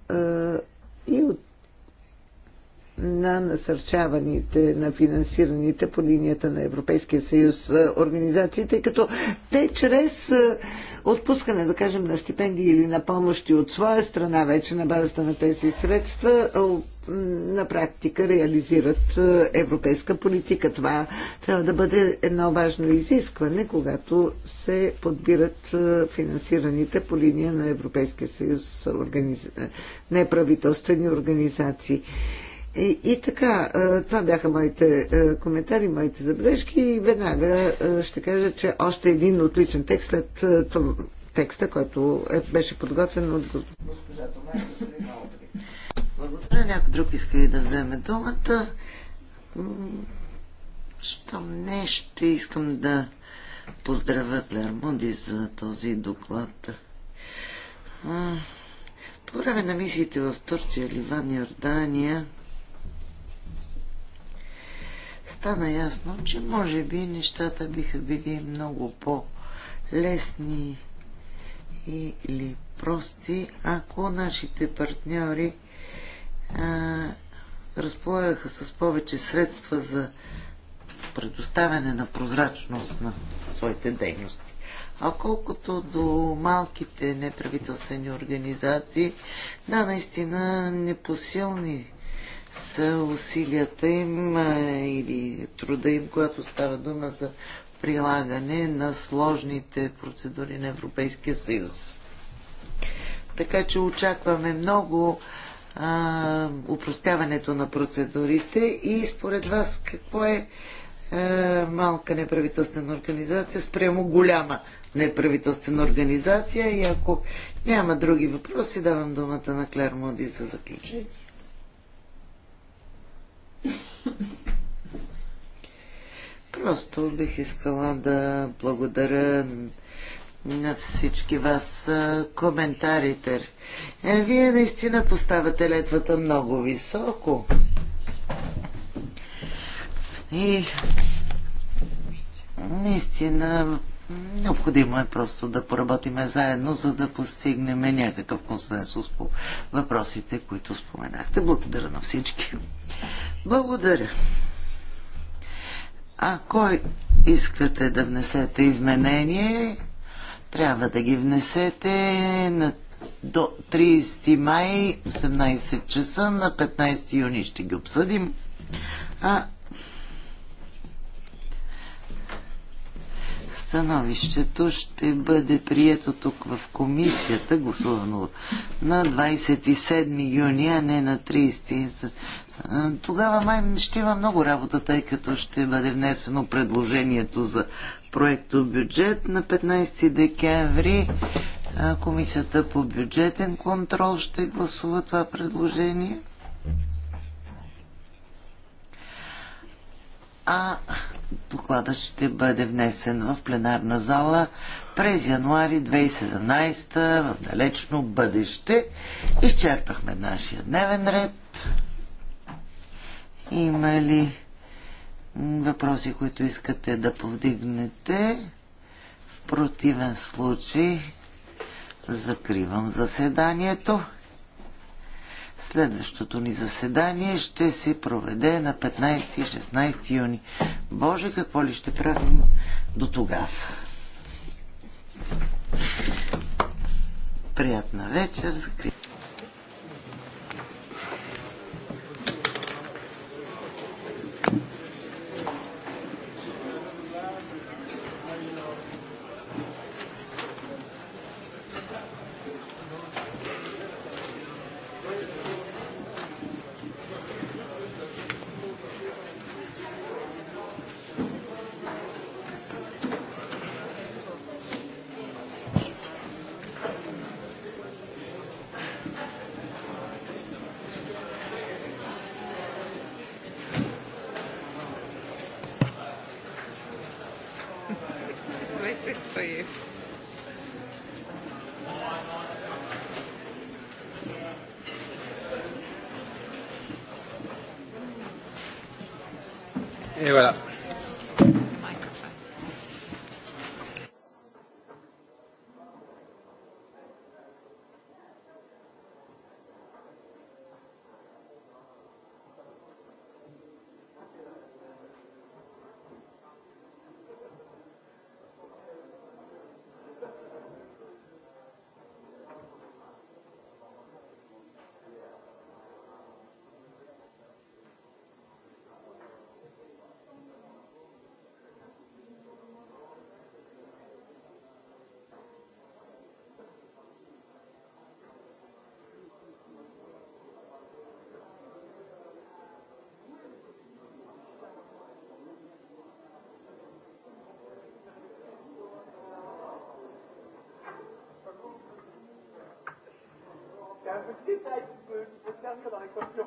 Speaker 2: и от на насърчаваните, на финансираните по линията на Европейския съюз е, организации, тъй като те чрез е, отпускане, да кажем, на стипендии или на помощи от своя страна, вече на базата на тези средства, е, на практика реализират европейска политика. Това трябва да бъде едно важно изискване, когато се подбират финансираните по линия на Европейския съюз неправителствени организации. И, и така, това бяха моите коментари, моите забележки и веднага ще кажа, че още един отличен текст след текста, който е, беше подготвен от госпожа Благодаря. Някой друг иска и да вземе думата. Щом не, ще искам да поздравя Клермоди за този доклад. По време на мисиите в Турция, Ливан и Йордания стана ясно, че може би нещата биха били много по-лесни или прости, ако нашите партньори а, разполагаха с повече средства за предоставяне на прозрачност на своите дейности. А колкото до малките неправителствени организации, да, наистина непосилни са усилията им или труда им, когато става дума за прилагане на сложните процедури на Европейския съюз. Така че очакваме много а, упростяването на процедурите и според вас какво е а, малка неправителствена организация спрямо голяма неправителствена организация и ако няма други въпроси, давам думата на Клер Моди за заключение. Просто бих искала да благодаря на всички вас коментарите. Е, вие наистина поставяте летвата много високо. И наистина Необходимо е просто да поработиме заедно, за да постигнем някакъв консенсус по въпросите, които споменахте. Благодаря на всички. Благодаря. Ако искате да внесете изменение, трябва да ги внесете на до 30 май 18 часа на 15 юни ще ги обсъдим. А Становището ще бъде прието тук в комисията, гласувано на 27 юни, а не на 30. Тогава май ще има много работа, тъй като ще бъде внесено предложението за проекто бюджет на 15 декември. Комисията по бюджетен контрол ще гласува това предложение. а докладът ще бъде внесен в пленарна зала през януари 2017 в далечно бъдеще. Изчерпахме нашия дневен ред. Има ли въпроси, които искате да повдигнете? В противен случай закривам заседанието. Следващото ни заседание ще се проведе на 15 и 16 юни. Боже, какво ли ще правим до тогава? Приятна вечер. Закрит. un petit détail qui peut, qui peut servir dans l'équation.